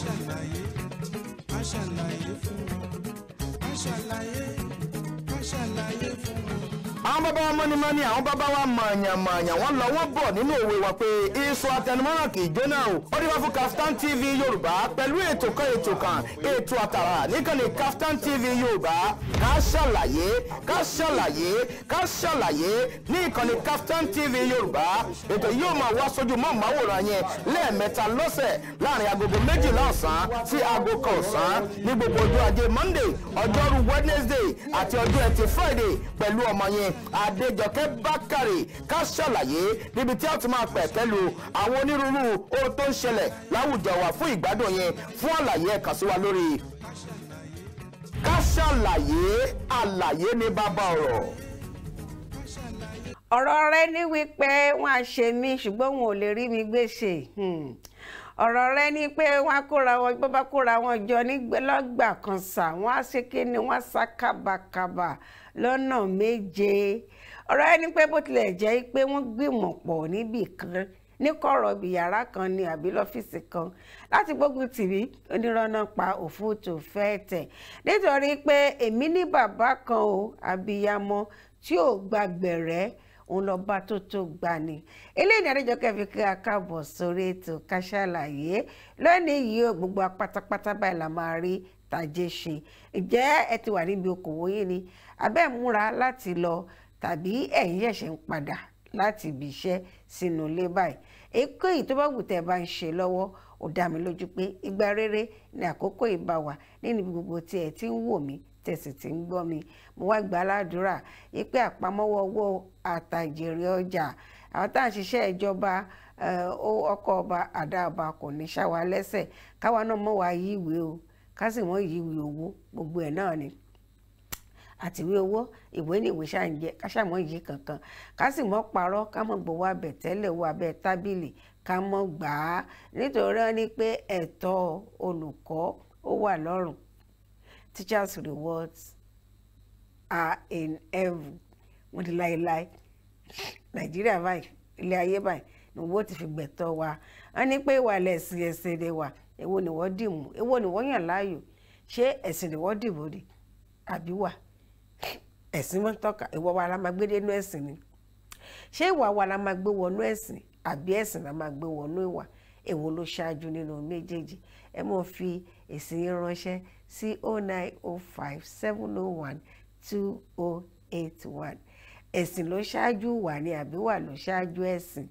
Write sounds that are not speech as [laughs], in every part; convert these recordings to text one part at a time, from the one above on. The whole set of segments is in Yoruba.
ṣàlàyé a ṣàlàyé fún wọn a ṣàlàyé àwọn bàbá wa mọ́nimọ́ni àwọn bàbá wa mọ̀nyàmọ̀nyà wọ́n lọ wọ́n bọ̀ nínú òwe wa pé iṣu àtẹnumọ́ràn kì í jóná o. ó dé wá fún Kaftan TV Yorùbá pẹ̀lú ètò kan ètò kan ètò àtàrà níkànnì Kaftan TV Yorùbá ká ṣàlàyé ká ṣàlàyé ká ṣàlàyé ní Kaftan TV Yorùbá ètò yóò máa wá sójú mọ́ màwòrán yẹn lẹ́ẹ̀mẹ́ta lọ́sẹ̀ láàrin agogo méjìlá ọ̀sán sí aago kan ọ̀sán ní gbogbo ọjọ́ ajé Monday ọjọ́rú Wednesday àti ọjọ́ ẹtì Friday pẹ̀lú ọmọ yẹn Adéjọkẹ́ Bákàrè ká ṣàlàyé níbi tí a ti máa pẹ̀ pẹ́lú àwọn onírúurú ohun tó ń ṣẹlẹ̀ láwùjọ wa fún ìgbádùn yẹn fún àlàyé ẹ kàn sí wa lórí ká ṣàlàyé àlàyé ní bàbá ọ̀rọ̀ ọ̀rọ̀ rẹ ní wípé wọ́n á ṣe mí ṣùgbọ́n wọn ò lè rí mi gbèsè hmm. ọ̀rọ̀ rẹ ní pé wọ́n á kóra wọn bó bá kóra wọn jọ nígbẹ́lọ́gbà kan sà wọ́n á ṣe kí ni wọ́n á sá kábàkábà lọ́nà méje ọ̀rọ̀ ẹni pé bó tilẹ̀ jẹ́ pé wọ́n gbìmọ̀ pọ̀ níbì kan ní kọ̀rọ̀ bí yàrá kan ni àbí lọ́fíìsì kan láti gbógun tìbí onírànà pa òfúùtù fẹ́ tẹ̀ nítorí pé èmi ní bàbá kan o àbíyamọ tí ò gbàgbẹ̀rẹ́ òun lọ́ba tó tó gbani eléyìí ni Adéjọkẹ́ fi kí a káàbọ̀ sórí ètò Ká Sálàyé lónìí yìí ó gbogbo pátápátá báyìí la máa rí tàjé ṣe ǹjẹ́ ẹ ti wà níbi okòwò yìí ni abẹ́ múra láti lọ tàbí ẹ̀yin ṣẹ̀ṣẹ̀ ń padà láti ibi iṣẹ́ sínú ilé báyìí èkéyìí tó bá wù tẹ́ ẹ bá ń ṣe lọ́wọ́ ó dá mi lójú pé ìgbà rere ni àkókò ìbá wa nínú gbogbo tí ẹ ti ń wò mí tẹ̀sí ti ń gbọ́ mi mo wá gbà ládùúrà wípé àpamọ́wọ́ owó àtàjèrè ọjà àwọn tá à ń ṣiṣẹ́ ìjọba ọkọ̀ ọba àdáàbà kò ní ṣá wa lẹ́sẹ̀ káwa náà mọ̀ wá yíwèé o ká sì mọ̀ yíwèé owó gbogbo ẹ̀ náà ni àtiwé owó ìwé ni ìwé ṣáà ń jẹ ká ṣàmọ yìí kankan ká sì mọ parọ́ ká mọ gbowó abẹ tẹ́lẹ̀ owó abẹ tábìlì ká mọ gbà á nítorí wọn ní pé ẹ̀tọ́ olùkọ́ ó wà lọ́rùn teachers rewards are in heaven wọn di láéláé nàìjíríà báyìí ilé ayé báyìí ni owó ti fi gbẹ̀tọ́ wa wọn ní pé ìwà lẹ̀sìn ẹ̀sìn ni wà èwo ni wọ́n dìmú èwo ni wọ́n yàn láàyò ṣé ẹ̀sìn ni wọ́n dìbò ni àbí wà ẹ̀sìn wọn tọ́ka ìwà wa la máa gbé dénú ẹ̀sìn ni ṣé ìwà wa la máa gbé wọnú ẹ̀sìn àbí ẹ̀sìn la máa gbé wọnú ìwà èwo ló ṣáájú nínú méjèèjì ẹ mọ̀ fi èsì yín ránṣẹ́ sí 09057012081 ẹ̀sìn ló ṣáájú wà ní àbí wà ló ṣáájú ẹ̀sìn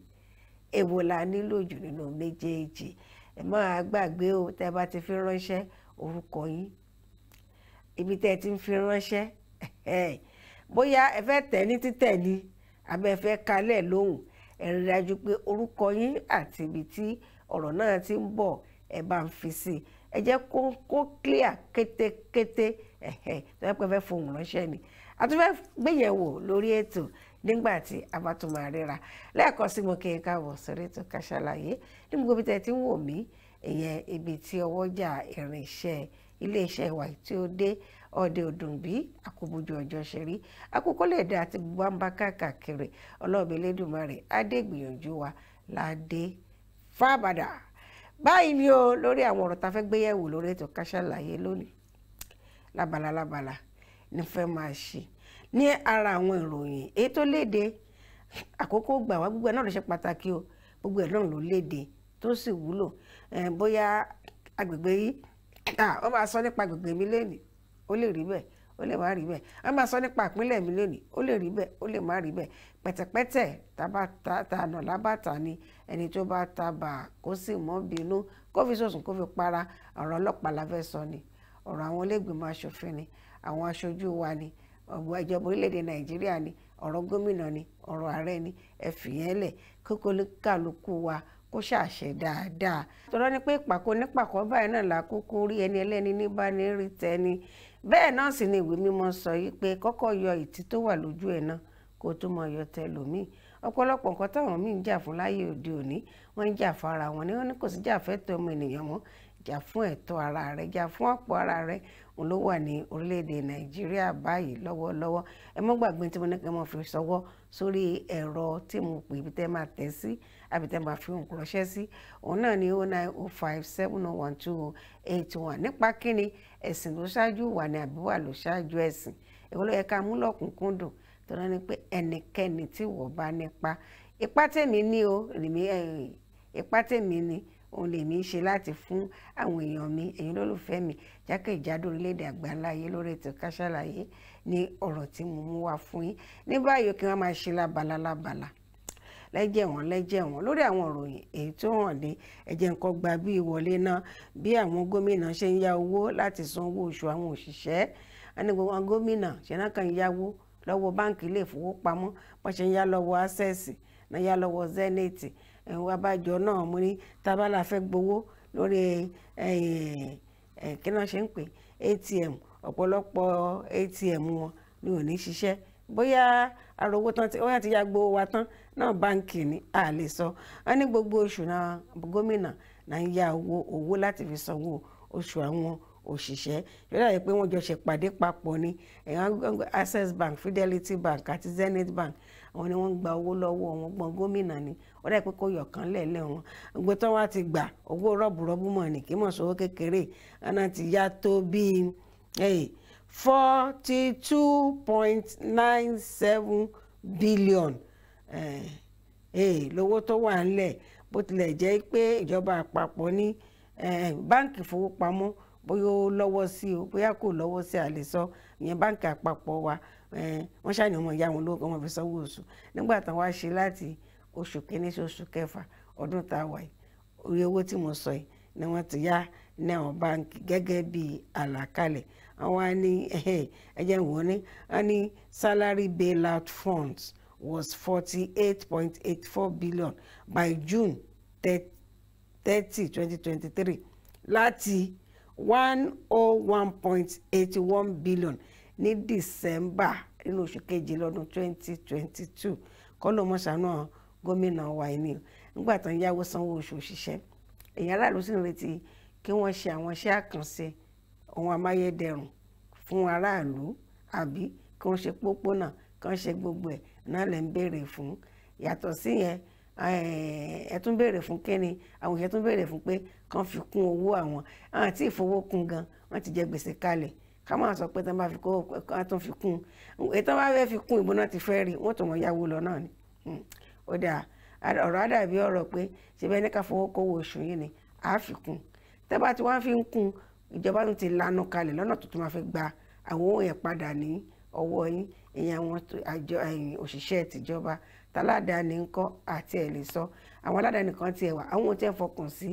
èwo la nílò jù nínú méjèèjì ẹ máa gbàgbé o tẹ́ bá ti fi ránṣẹ́ orúkọ yín ibi tẹ́ ti ń fi ránṣẹ́ bóyá ẹ fẹ́ tẹ̀ ní títẹ̀ ni àbẹ́ ẹ fẹ́ kalẹ̀ lóhùn ẹ rí dájú pé orúkọ yín àti ibi tí ọ̀rọ̀ náà ti ń bọ̀ ẹ bá ń fi sí i ẹ jẹ́ kó kó clear kétékété ẹ̀hẹ́ tó yẹ pé fẹ́ fohùn ránṣẹ́ ni a tún fẹ́ gbéyẹ̀wò lórí ètò nígbà tí a bá tún máa ríra lẹ́ẹ̀kan sí mo kí n káàbọ̀ sórí ètò Ká Sálàyé ní gbogbo ibi tẹ́ ti ń wò mí ìyẹn ibi tí ọwọ́jà irinṣẹ́ iléeṣẹ́ wa tí ó dé ọdẹ ọdún bí àkóbójú ọjọ́ ṣe rí àkókò lè dá àti gbogbo káàkiri ọlọ́ọ̀bẹ lẹ́dùnmarè adé gbìyànjú wa ládé fábàdà báyìí ni o lórí àwọn ọ̀rọ̀ tá a fẹ́ gbé yẹ̀wò lórí ètò Ká Sálàyé lónìí lábala lábala ní fẹ́ máa ṣe ní ara àwọn ìròyìn èyí tó léde àkókò gbà wá gbogbo ẹ̀ náà ló ṣe pàtàkì o gbogbo ẹ̀ náà ló léde tó sì wúlò bóyá agbègbè yìí wọ́n máa sọ nípa agbègbè mi lénìí ó lè rí bẹ́ẹ̀ ó lè má rí bẹ́ẹ̀ wọ́n máa sọ nípa ìpínlẹ̀ mi lónìí ó lè rí bẹ́ẹ̀ ó lè má rí bẹ́ẹ̀ pẹ̀tẹ̀pẹ̀tẹ̀ tànà lábàtà ni ẹni tó bá ta bà kó sì mọ́ bínú kó fi sòsùn kó fi para ọ̀rọ̀ ọlọ́pàá la fẹ́ sọ ni ọ̀rọ̀ àwọn olóògbìmọ̀ asòfin ni àwọn aṣojú wa ni ọ̀gbọ̀n ìjọba orílẹ̀-èdè nàìjíríà ni ọ̀rọ̀ gómìnà ni ọ̀rọ̀ ààrẹ ni ẹ fìyẹn lẹ̀ kókó kálukú wa kó ṣàṣẹ dáadáa. tọ́lọ́ ni pé ìpàkọ́ nípàkọ́ báyìí náà la kúkú rí ẹni ẹlẹ́ni ní bá ní rí bẹ́ẹ̀ náà sì ni ìwé mímọ́ sọ yìí pé kọ́kọ́ yọ ìtì tó wà lójú ẹ̀ náà kó tó mọ ọyọ tẹ lòmíì ọ̀pọ̀lọpọ̀ nǹkan táwọn míì ń jà fún láyé òde òní wọ́n ń jà fún ara wọn ni wọ́n ní kò sí jà fẹ́tọ́ ọmọ ènìyàn mọ́ jà fún ẹ̀tọ́ ara rẹ̀ jà fún ọ̀pọ̀ ara rẹ̀ òun ló wà ní orílẹ̀-èdè nàìjíríà báyìí lọ́wọ́lọ́wọ́ ẹ mọ́ gbàgbé tí mo ní kí n mọ̀ fi sọwọ́ sórí ẹ̀rọ tí mo pè ibi tẹ́ máa tẹ̀ sí àbí tẹ́ máa fi òǹkùrọ̀ṣẹ́ sí òun náà ní 09057012081 nípa kíni ẹ̀sìn ló ṣáájú wà ní àbíwà ló ṣáájú ẹ̀sìn èwo ló yẹ ká mú lọ́kùnkúndùn tó rán ni pé ẹnikẹ́ni tí wọ́n bá nípa ipá tèmi ní o rèmi ipá tèmi ní òun lèmi ń ṣe láti fún àwọn èèyàn mi èyí lólùfẹ́ mi jákèjádò orílẹ̀-èdè àgbáńláyé lórí ètò Ká Sálàyé ní ọ̀rọ̀ tí mo mú wá fún yín ní báyìí kí wọ́n máa ṣe lábalálábàlá lẹ́jẹ̀ wọn lẹ́jẹ̀ wọn lórí àwọn ìròyìn èyí tó hàn ní ẹ̀jẹ̀ nǹkan gba bí ìwọlé náà bí àwọn gómìnà ṣe ń ya owó láti san owó oṣù àwọn òṣìṣẹ́ ẹni gbogbo àwọn gómìnà ṣe náà kàn yáwó lọ́wọ́ báǹkì ilé ìfowópamọ́ wọ́n ṣe ń yá lọ́wọ́ access náà yá lọ́wọ́ zenith ẹ̀hún abájọ náà mú ní tábàlà fẹ́ gbowó lórí eh, eh, kí náà ṣe ń pè atm ọ̀pọ̀lọpọ̀ atm wọn ni ò ní ṣiṣẹ́ bóyá arówó tán ti ó yà ti ya gbowó wa tán náà báǹkì ni a lè sọ wọn ní gbogbo oṣù náà gómìnà náà ń ya owó owó láti fi sanwó oṣù àwọn òṣìṣẹ́ yọ̀dà yẹ pé wọ́n jọ ṣe pàdé papọ̀ ni Access Bank Fidelity Bank àti Zenith Bank àwọn ni wọ́n ń gba owó lọ́wọ́ wọn gbọ́n gómìnà ni wọ́n dà pé kó yọ̀kan lẹ̀lẹ́ wọn gbé tán wá ti gbà owó rọ́bùrọ́bù mọ̀ ní kí mọ̀ sówó kékeré ọ̀nà ti yá tó bíi forty two point nine seven billion lówó tó wà ńlẹ̀ bó tilẹ̀ jẹ́ pé ìjọba àpapọ̀ ní báǹkì fowópamọ́ bóyá ó lọ́wọ́ sí o bóyá kò lọ́wọ́ sí a lè sọ ìyẹn báǹkì àpapọ̀ wa wọ́n ṣàní ọmọ ìyá wọn lóògùn ọmọ fi sanwó oṣù nígbà táwọn á ṣe láti oṣù kínní sí oṣù kẹfà ọdún tá a wà yìí orí owó tí mo sọ yìí ni wọ́n ti yá ní àwọn báǹkì gẹ́gẹ́ bí àlàkalẹ̀ àwọn á ní ẹ̀jẹ̀ wọ́n ní á ní salary bailout funds was 48.84 billion by June 30, 2023 láti 101.81 billion ní December nínú oṣù kejì lọ́dún 2022 kọ́ ló mọ̀ṣánú gómìnà wa ẹni nígbà tó ń yáwó sanwó oṣù òṣìṣẹ́ èyí aráàlú sì ń retí kí wọ́n ṣe àwọn iṣẹ́ àkànṣe ohun amáyédẹrùn fún aráàlú àbí kí wọ́n ṣe pópónà kí wọ́n ṣe gbogbo ẹ̀ náà lẹ́ ń béèrè fún yàtọ̀ sí yẹn ẹ tún béèrè fún kíni àwọn èèyàn tún béèrè fún pé kàn fi kún owó àwọn àwọn tí ìfowókun gan wọ́n ti jẹ gbèsè kalẹ̀ ká máa sọ pé tán bá fi kó ká tún fi kún ètò bá fẹ́ fi kún ìbò náà ti fẹ́ rí wọ́n tó wọn yáwó lọ náà ni hmm, ó dáa ọ̀rọ̀ àdàbí ọ̀rọ̀ pé ṣe ní ká fowó kówó oṣù yìí ni àáfikún tẹ́ bá ti wá fi ń kún ìjọba tún ti lanu kalẹ̀ lọ́nà tó tún máa fi gba àwọn ohun padà ní ọwọ́ yín ìyẹn àwọn àjọ òṣìṣẹ́ tìjọba tàládàáni ńkọ́ àti ẹ̀ lè sọ àwọn aládàáni kan tiẹ̀ wà àwọn tí ẹ fọkàn sí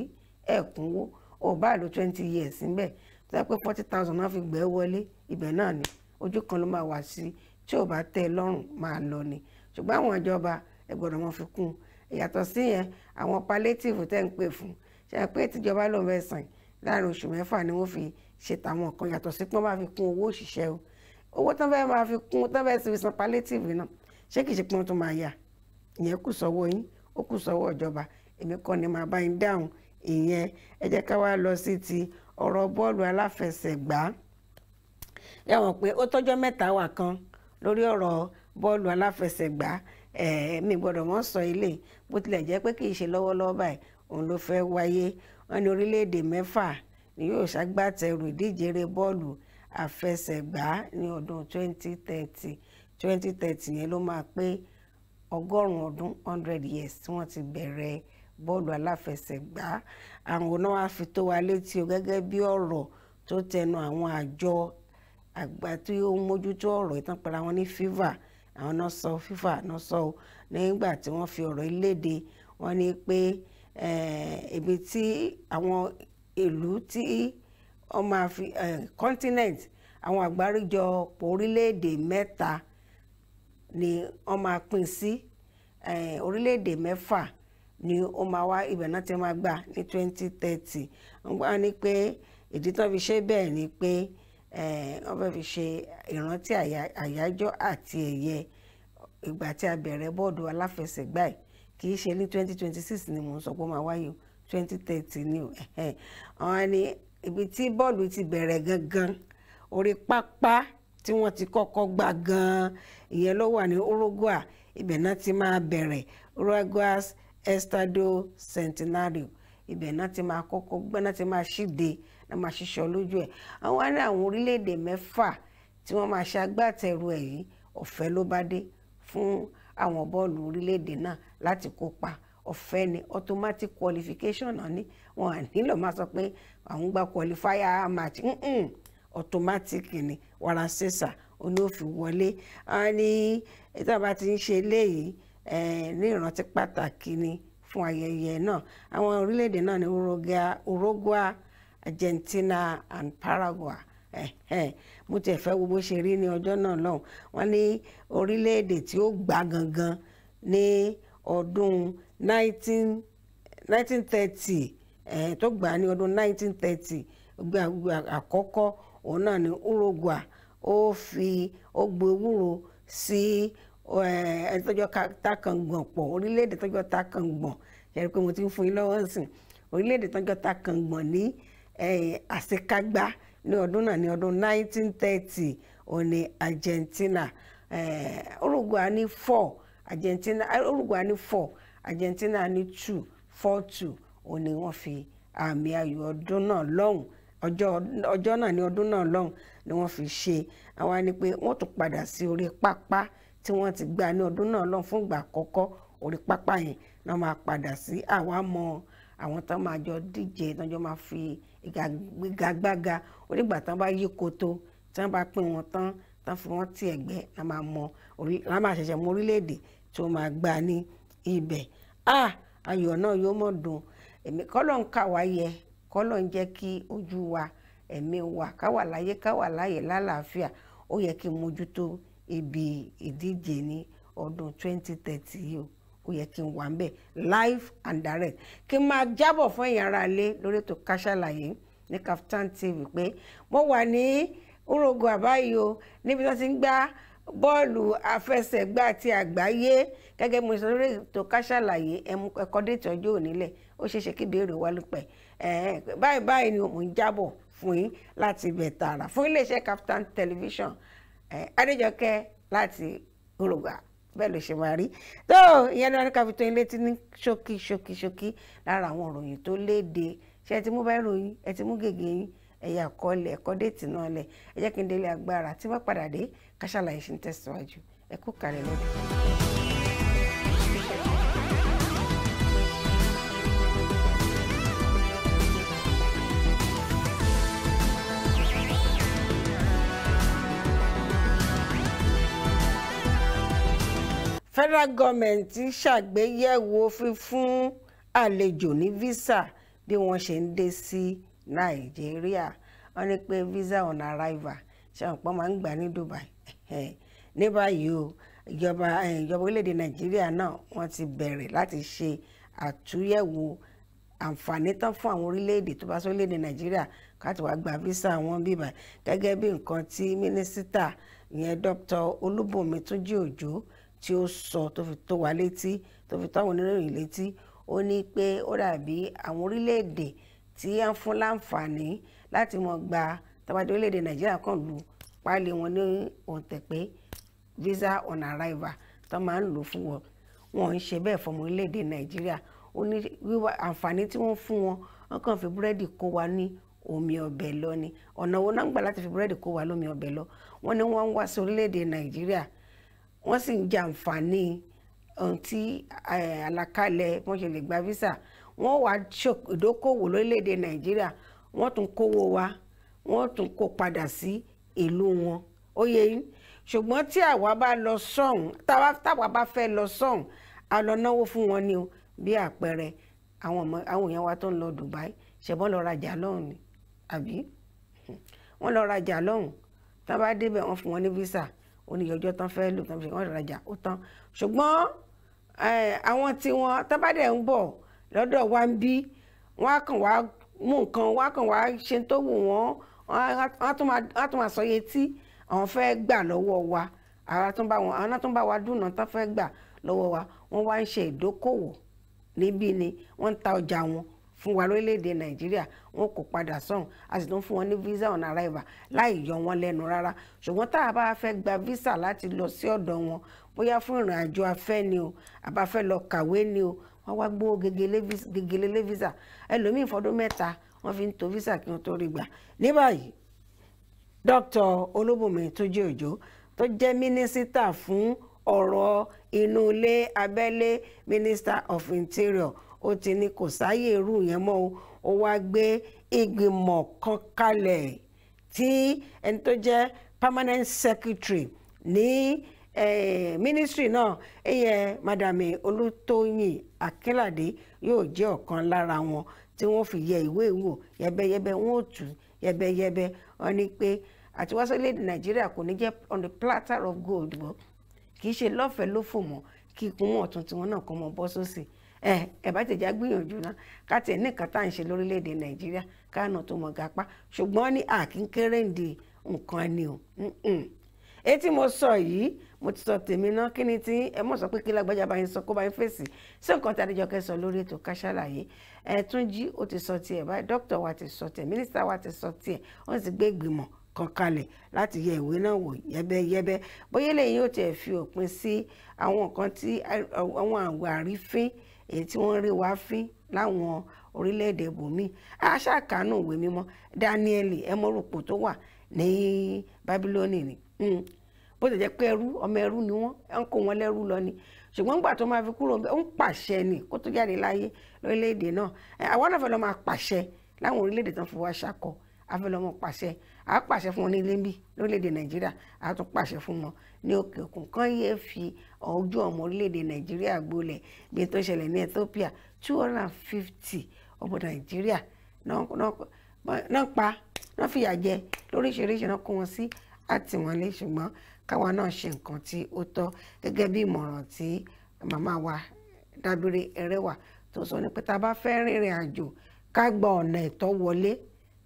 ẹ̀kúnwó ọba àlò twenty years níbẹ̀ tó yẹ pé forty thousand náà fi gbẹ́ wọlé ibẹ̀ náà ni ojú kan ló máa wà sí tí ò bá tẹ́ ẹ lọ́rùn máa lọ ni ṣùgbọ́n àwọn ìjọba ẹ gbọ́dọ̀ wọn fi kún ìyàtọ̀ sí yẹn àwọn palliative tẹ́ ń pè fún ṣe pé tìjọba ló ń fẹ́ sàn láàrin oṣù mẹ́fà ni wọ́n fi ṣe tàwọn kan yàtọ̀ sí pé wọ́n máa fi kún owó òṣìṣẹ́ o owó tán fẹ́ máa fi kún tán fẹ́ fi san palliative náà ṣé kìí ṣe pé wọ́n tún máa yà ìyẹn kù sọ́wọ́ yín ó kù sọ́wọ́ ìjọba èmi kọ́ ni màá bá yín dáhùn ìyẹn ẹ jẹ́ ká wá lọ sí ti ọ̀rọ̀ bọ́ọ̀lù aláfẹsẹ̀gbá yà wọ́n pé ó tọ́jọ́ mẹ́ta wà kan lórí ọ̀rọ̀ bọ́ọ̀lù aláfẹsẹ̀gbá mi gbọ́dọ̀ mọ́ sọ ilé bó tilẹ̀ jẹ́ pé kì í ṣe lọ́wọ́lọ́wọ́ báyìí òun ló fẹ́ wáyé wọn ní orílẹ̀-èdè mẹ́fà ni yóò ṣàgbàtẹ̀rù ìdíje bọ́ọ̀lù àfẹsẹ̀gbá ní ọdún 2030 2030 yẹn ló máa pé ọgọ́rùn-ún ọdún 100 years tí wọ́n ti bẹ̀rẹ̀ bọ́ọ̀lù aláfẹsẹ̀gbá àwọn náà wá fi tó wa létí o gẹ́gẹ́ bí ọ̀rọ̀ tó tẹnu àwọn àjọ àgbà tí ó ń mójútó ọ̀rọ̀ ìtàn pẹ̀lú àwọn ní FIFA àwọn náà sọ FIFA náà sọ o nígbà tí wọ́n fi ọ̀rọ̀ ìléde wọ́n ní pé eh, ibi tí àwọn ìlú tí. Eh, ọmọ àfi continent àwọn àgbáríjọpọ̀ orílẹ̀-èdè mẹ́ta ni wọ́n máa pín sí orílẹ̀-èdè mẹ́fà ni ó máa wá ibẹ̀ náà ti máa gbà ní twenty thirty wọ́n gbà ní pé ìdí tó fi ṣe bẹ́ẹ̀ ni pé wọ́n fẹ́ fi ṣe ìrántí àyájọ́ àti ẹ̀yẹ ìgbà tí a bẹ̀rẹ̀ bọ́ọ̀dù aláfẹsẹ̀gbá yìí kì í ṣe ní twenty twenty six ni mò ń sọ pé ó máa wáyé o twenty thirty ni o wọ́n ní ibi tí bọ́ọ̀lù ti bẹ̀rẹ̀ gangan orí pápá tí wọ́n ti kọ́kọ́ gbà gan-an ìyẹn ló wà ní Uruguay ibẹ̀ náà ti máa bẹ̀rẹ̀ Uruguay Estadio Centenario ibẹ̀ náà ti máa kọ́kọ́ gbẹ́ náà ti máa ṣíde náà máa ṣiṣọ́ lójú ẹ̀ àwọn á ní àwọn orílẹ̀-èdè mẹ́fà tí wọ́n máa ṣe agbátẹrù ẹ̀ yìí ọ̀fẹ́ ló bá dé fún àwọn bọ́ọ̀lù orílẹ̀-èdè náà láti kópa ọ̀fẹ́ ni automatic qualification náà ní wọn à nílò máa sọ pé àwọn gba qualifier match automatic ni wàrà ṣèṣà oní òfin wọlé a ní ìta bá ti ń ṣe eléyìí ní ìrántí pàtàkì ni fún ayẹyẹ náà àwọn orílẹ̀-èdè náà ní Uruguay Argentina and Paraguay mo tiẹ̀ fẹ́ wo bó ṣe rí ní ọjọ́ náà lọ́hùn wọ́n ní orílẹ̀-èdè tí ó gbà gangan ní ọdún 1930 Eh, tó gbà ní ọdún 1930 gbà àkọ́kọ́ òun náà ní Uruguay ó fi ó gbé ewúro sí eh, ẹni takàngbọ̀n pọ̀ orílẹ̀-èdè tọ́jọ́ takàngbọ̀n pé mo ti ń fún yín lọ́wọ́ sìn orílẹ̀-èdè tọ́jọ́ takàngbọ̀n ní eh, àṣekágbá ní ọdún náà ní ọdún 1930 òun Argentina Uruguay ní four Argentina Uruguay ní four Argentina ní òun ni wọ́n fi àmì ayò ọdún náà lọ́hùn ọjọ́ náà ní ọdún náà lọ́hùn ni wọ́n fi ṣe àwa ni pé wọ́n tún padà sí orí pápá tí wọ́n ti gbà ní ọdún náà lọ́hùn fún ìgbà àkọ́kọ́ orí pápá yẹn náà máa padà sí àwa mọ àwọn tó máa jọ díje tó jọ máa fi ìgagbága onígbà tán bá yí koto tán bá pín wọn tán tán fi wọn ti ẹgbẹ́ la máa mọ la máa ṣẹ̀ṣẹ̀ mọ orílẹ̀-èdè tí wọ́n máa gbà ní ibẹ̀ ah ayọ̀ náà yóò mọ̀ dùn ẹ̀mí kọ́lọ̀ ń kà wá yẹ kọ́lọ̀ ń jẹ́ kí ojú wa ẹ̀mí wa káwà láyé káwà láyè lálàáfíà ó yẹ kí n mójútó ibi ìdíje ní ọdún 2030 yìí o ó yẹ kí n wà ń bẹ̀ live and direct kí n máa jábọ̀ fún ẹ̀yin ará ilé lórí ètò Ká Sálàyé ní Kaftan TV pé mo wà ní urogo àbáyé o níbi tí wọ́n ti ń gbá bọ́ọ̀lù àfẹsẹ̀gbá àti àgbáyé gẹ́gẹ́ mo sọ lórí ètò Ká ẹ̀kọ́ dé ìtọ́jú ònílẹ̀ ó ṣeéṣe kí ìbéèrè wá lópẹ́ báyìí báyìí ni mò ń jábọ̀ fún yín láti ibẹ̀ tààrà fún iléeṣẹ́ Kaftan television Adéjọkẹ́ láti Oroga bẹ́ẹ̀ ló ṣe máa rí tó ìyẹn ni wọn ní ká fi tó yín létí ní ṣókí ṣókí ṣókí lára àwọn ìròyìn tó léde ṣé ẹ ti mú báyìí ròyìn ẹ ti mú gègé yín ẹ̀yà àkọọ́lẹ̀ ẹ̀kọ́ déètì náà lẹ̀ ẹ jẹ́ kí n délé agbára tí wọ́n padà dé ká ṣe ń tẹ̀síwájú ẹ kú kàlẹ̀ lọ́dún. federal government ṣàgbéyẹ̀wò fífún àlejò ní visa bí wọ́n ṣe ń dé sí nàìjíríà wọ́n ní pé visa on arrival ṣàǹpọ̀ máa ń gbà ní Dubai ní báyìí o ìjọba ìjọba orílẹ̀-èdè nàìjíríà náà wọ́n ti bẹ̀rẹ̀ láti ṣe àtúnyẹ̀wò àǹfààní tán fún àwọn orílẹ̀-èdè tó bá sọ orílẹ̀-èdè nàìjíríà káàtì wàá gba visa wọn bíbà gẹ́gẹ́ bí nǹkan tí mínísítà ìyẹn dr olúbùnmi túnjí òjò tí ó sọ tó fi tó wa létí tó fi tó àwọn oníròyìn létí ó ní pé ó dàbí àwọn orílẹ̀-èdè tí à ń fún láǹfààní láti mọ̀ gba tàbádé orílẹ̀-èdè nàìjíríà kan lu páálí wọn ní òǹtẹ̀pẹ́ visa on arrival tó máa ń lò fún wọn wọn ń ṣe bẹ́ẹ̀ fọmọ orílẹ̀-èdè nàìjíríà ó ní wíwá àǹfààní tí wọ́n fún wọn wọn kàn fi búrẹ́dì kó wa ní omi ọbẹ̀ lọ ni ọ̀nà wo náà ń gbà láti fi búrẹ́dì kó wa lómi ọbẹ̀ lọ wọ́n ní wọ́n ń wá sí orílẹ̀-èdè nàìjíríà wọ́n sì ń jẹ àǹfààní ohun tí àlàkalẹ̀ wọ́n ṣe lè gba visa wọ́n wá ìdókòwò lórílẹ̀‐èdè nàìjíríà wọ́n tún kówó wa wọ́n tún kó padà sí ìlú wọn ó yẹ yín ṣùgbọ́n tí àwa bá lọ sọ́hùn táwa bá fẹ́ lọ sọ́hùn a lọ náwó fún wọn ni o bí àpẹẹrẹ àwọn ọmọ àwọn èèyàn wa tó ń lọ Dubai ṣẹ̀bọ́n lọ rajà lọ́hùn ni àbí wọ́n lọ rajà lọ́hùn tá a bá débẹ̀ wọ́n fún wọn ní visa ó ní ọjọ́ tán fẹ́ lò tán fi wọ́n rajà ó tán ṣùgbọ́n àwọn tí wọ́n tábàdẹ̀ ń bọ̀ lọ́dọ̀ wa ń bí wọ́n á kàn wá mú nǹkan wọ́n á kàn wá ṣe tó wù wọ́n á tún máa sọ iye tí àwọn fẹ́ gbà lọ́wọ́ wa àwọn tó ń bá wa dúnà tán fẹ́ gbà lọ́wọ́ wa wọ́n wá ń ṣe ìdókòwò níbí ni wọ́n ń ta ọjà wọn fún wa lórílẹ̀‐èdè nàìjíríà wọn kò padà sọ́hùn a sì tún fún wọn ní visa on arrival láì yọ wọn lẹ́nu rárá ṣùgbọ́n tá a bá fẹ́ gba visa láti lọ sí ọ̀dọ̀ wọn bóyá fún ìrìn àjò afẹ́ ni o àbá fẹ́ lọ kàwé ni o wọ́n wá gbó gegele lé visa ẹlòmíì fọdún mẹ́ta wọ́n fi ń to visa kí wọ́n tó rí gbà ní báyìí dr olúbùnmi tójú òjò tó jẹ́ mínísítà fún ọ̀rọ̀ inú ilé abẹ́lé minister of interior ó ti ní kò sáyè irú yẹn mọ́ o ó wá gbé ìgbìmọ̀ kan kalẹ̀ tí ẹni tó jẹ́ permanent secretary ní ministry náà ẹ̀yẹ madame olùtóyìn akínládé yóò jẹ́ ọ̀kan lára wọn tí wọ́n fi yẹ ìwé wò yẹ́bẹ́yẹ́bẹ́ wọ́n ò tù yẹ́bẹ́yẹ́bẹ́ wọ́n ní pé àti èdè nàìjíríà kò ní jẹ́ on the platter of gold mọ́ kì í ṣe lọ́fẹ̀ẹ́ ló fò mọ́ kí ikùn mọ̀ ọ̀tún tiwọn náà kọ́ mọ́ bọ́ sósì ẹ ẹ bá tẹ̀já gbìyànjú náà ká tiẹ̀ ní nǹkan tá à ń ṣe lórílẹ̀‐èdè nàìjíríà káànà tó mọ̀ gapá ṣùgbọ́n ní àkínkéré ń di nǹkan ni o etí mo sọ yìí mo ti sọ tèmi náà kí ni tí ẹ mọ̀ sọ pé kí lágbájá bá yín sọ kó bá yín fèsì sí nǹkan tí adéjọkẹ́ sọ lórí ètò ká ṣàlàyé ẹ Túnjí ó ti sọ tiẹ̀ báyìí dókítà wa ti sọ tiẹ̀ mínísítà wa ti sọ tiẹ̀ wọ́n sì gbé ìgbìmọ̀ kan kalẹ̀ láti yẹ ìwé náà wò yẹ́bẹ́yẹ́bẹ́ bóyá lẹ́yìn yóò tiẹ̀ fi òpin sí àwọn nǹkan tí àwọn àwọ̀ àrífín èyí tí wọ́n rí wá fín láwọn orílẹ̀-èdè bòmíì aṣáàkánú ìwé mímọ́ Dáníẹ́lì ẹmọ́rùpọ̀ tó wà ní Bábílónì ni hmm. bó ti jẹ́ pé ẹrú ọmọ ẹrú ni wọ́n ẹ̀ ń kó wọn lẹ́rú lọ ni ṣùgbọ́n nígbà tó máa fi kúrò ń pàṣẹ ni kó tó jáde láyé lórílẹ̀-èdè náà àwọn náà fẹ́ lọ́ máa pàṣẹ láwọn orílẹ̀-èdè tó ń fi wá ṣakọ afẹ́lọ́mọ pàṣẹ a pàṣẹ fún wọn ní ilé ń bí lórílẹ̀‐èdè nàìjíríà a tún pàṣẹ fún wọn ní òkè òkun kán yéé fi ojú ọmọ orílẹ̀-èdè nàìjíríà gbolẹ̀ bí tó ṣẹlẹ̀ ní ethiopia two hundred and fifty ọmọ nàìjíríà náà pa náà fìyà jẹ lóríṣiríṣi náà kó wọn sí àtìmọ́lé ṣùgbọ́n káwa náà ṣe nǹkan tí ó tọ́ gẹ́gẹ́ bí ìmọ̀ràn tí màmá wa dábìrì ẹrẹ́wà tó sọ ni pé tá a bá fẹ́ rìnrìn àjò ká gba ọ̀nà ẹ̀tọ́ wọlé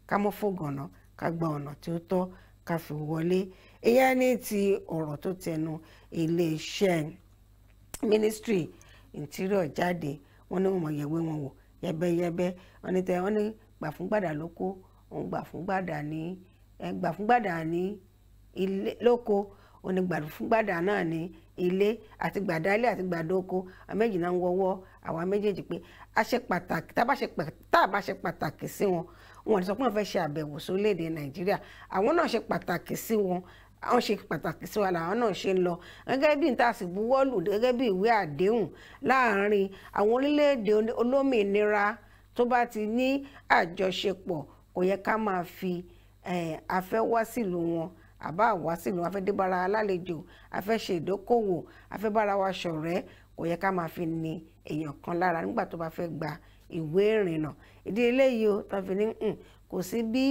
ká mọ́ fògànà ká gba ọ̀nà tí ó tọ́ ká fi wọlé ìyẹn ní ti ọ̀rọ̀ tó tẹnu iléeṣẹ́ ministry interior jáde wọ́n ní wọ́n mọ̀ yẹ̀wé wọn wò yẹ́bẹ́yẹ́bẹ́ wọ́n ní tẹ wọ́n ní gbàfúngbàdà lóko òun gbàfúngbàdà ní gbàfúngbàdà ní ilé lóko òun ní gbàfúngbàdà náà ní ilé àti gbàdá ilé àti gbàdá oko àméjì náà ń wọ́wọ́ àwa méjèèjì pé a ṣe pàtàkì tá a bá ṣe pàtàkì sí wọn wọn sọ pé wọn fẹ́ ṣe àbẹ̀wò sórílẹ̀ nàìjíríà àwọn náà ṣe pàtàkì sí wọn àwọn ṣe pàtàkì sí wa làwọn náà ṣe ń lọ gẹ́gẹ́ bí níta sì buwọ́lù gẹ́gẹ́ bí ìwé àdéhùn láàárín àwọn orílẹ̀-èdè olómìnira tó bá ti ní àjọṣepọ̀ kò yẹ ká máa fi afẹ́ wá sílùú wọn àbá wá sílùú wọn afẹ́ débára alálejò afẹ́ ṣe ìdókòwò afẹ́ bára wa ṣọ̀rẹ́ kò yẹ ká máa fi ní èèyàn kan lára nígbà tó bá fẹ́ gba ìwé ìrìnnà ìdí eléyìí o tó fi ní kò sí bí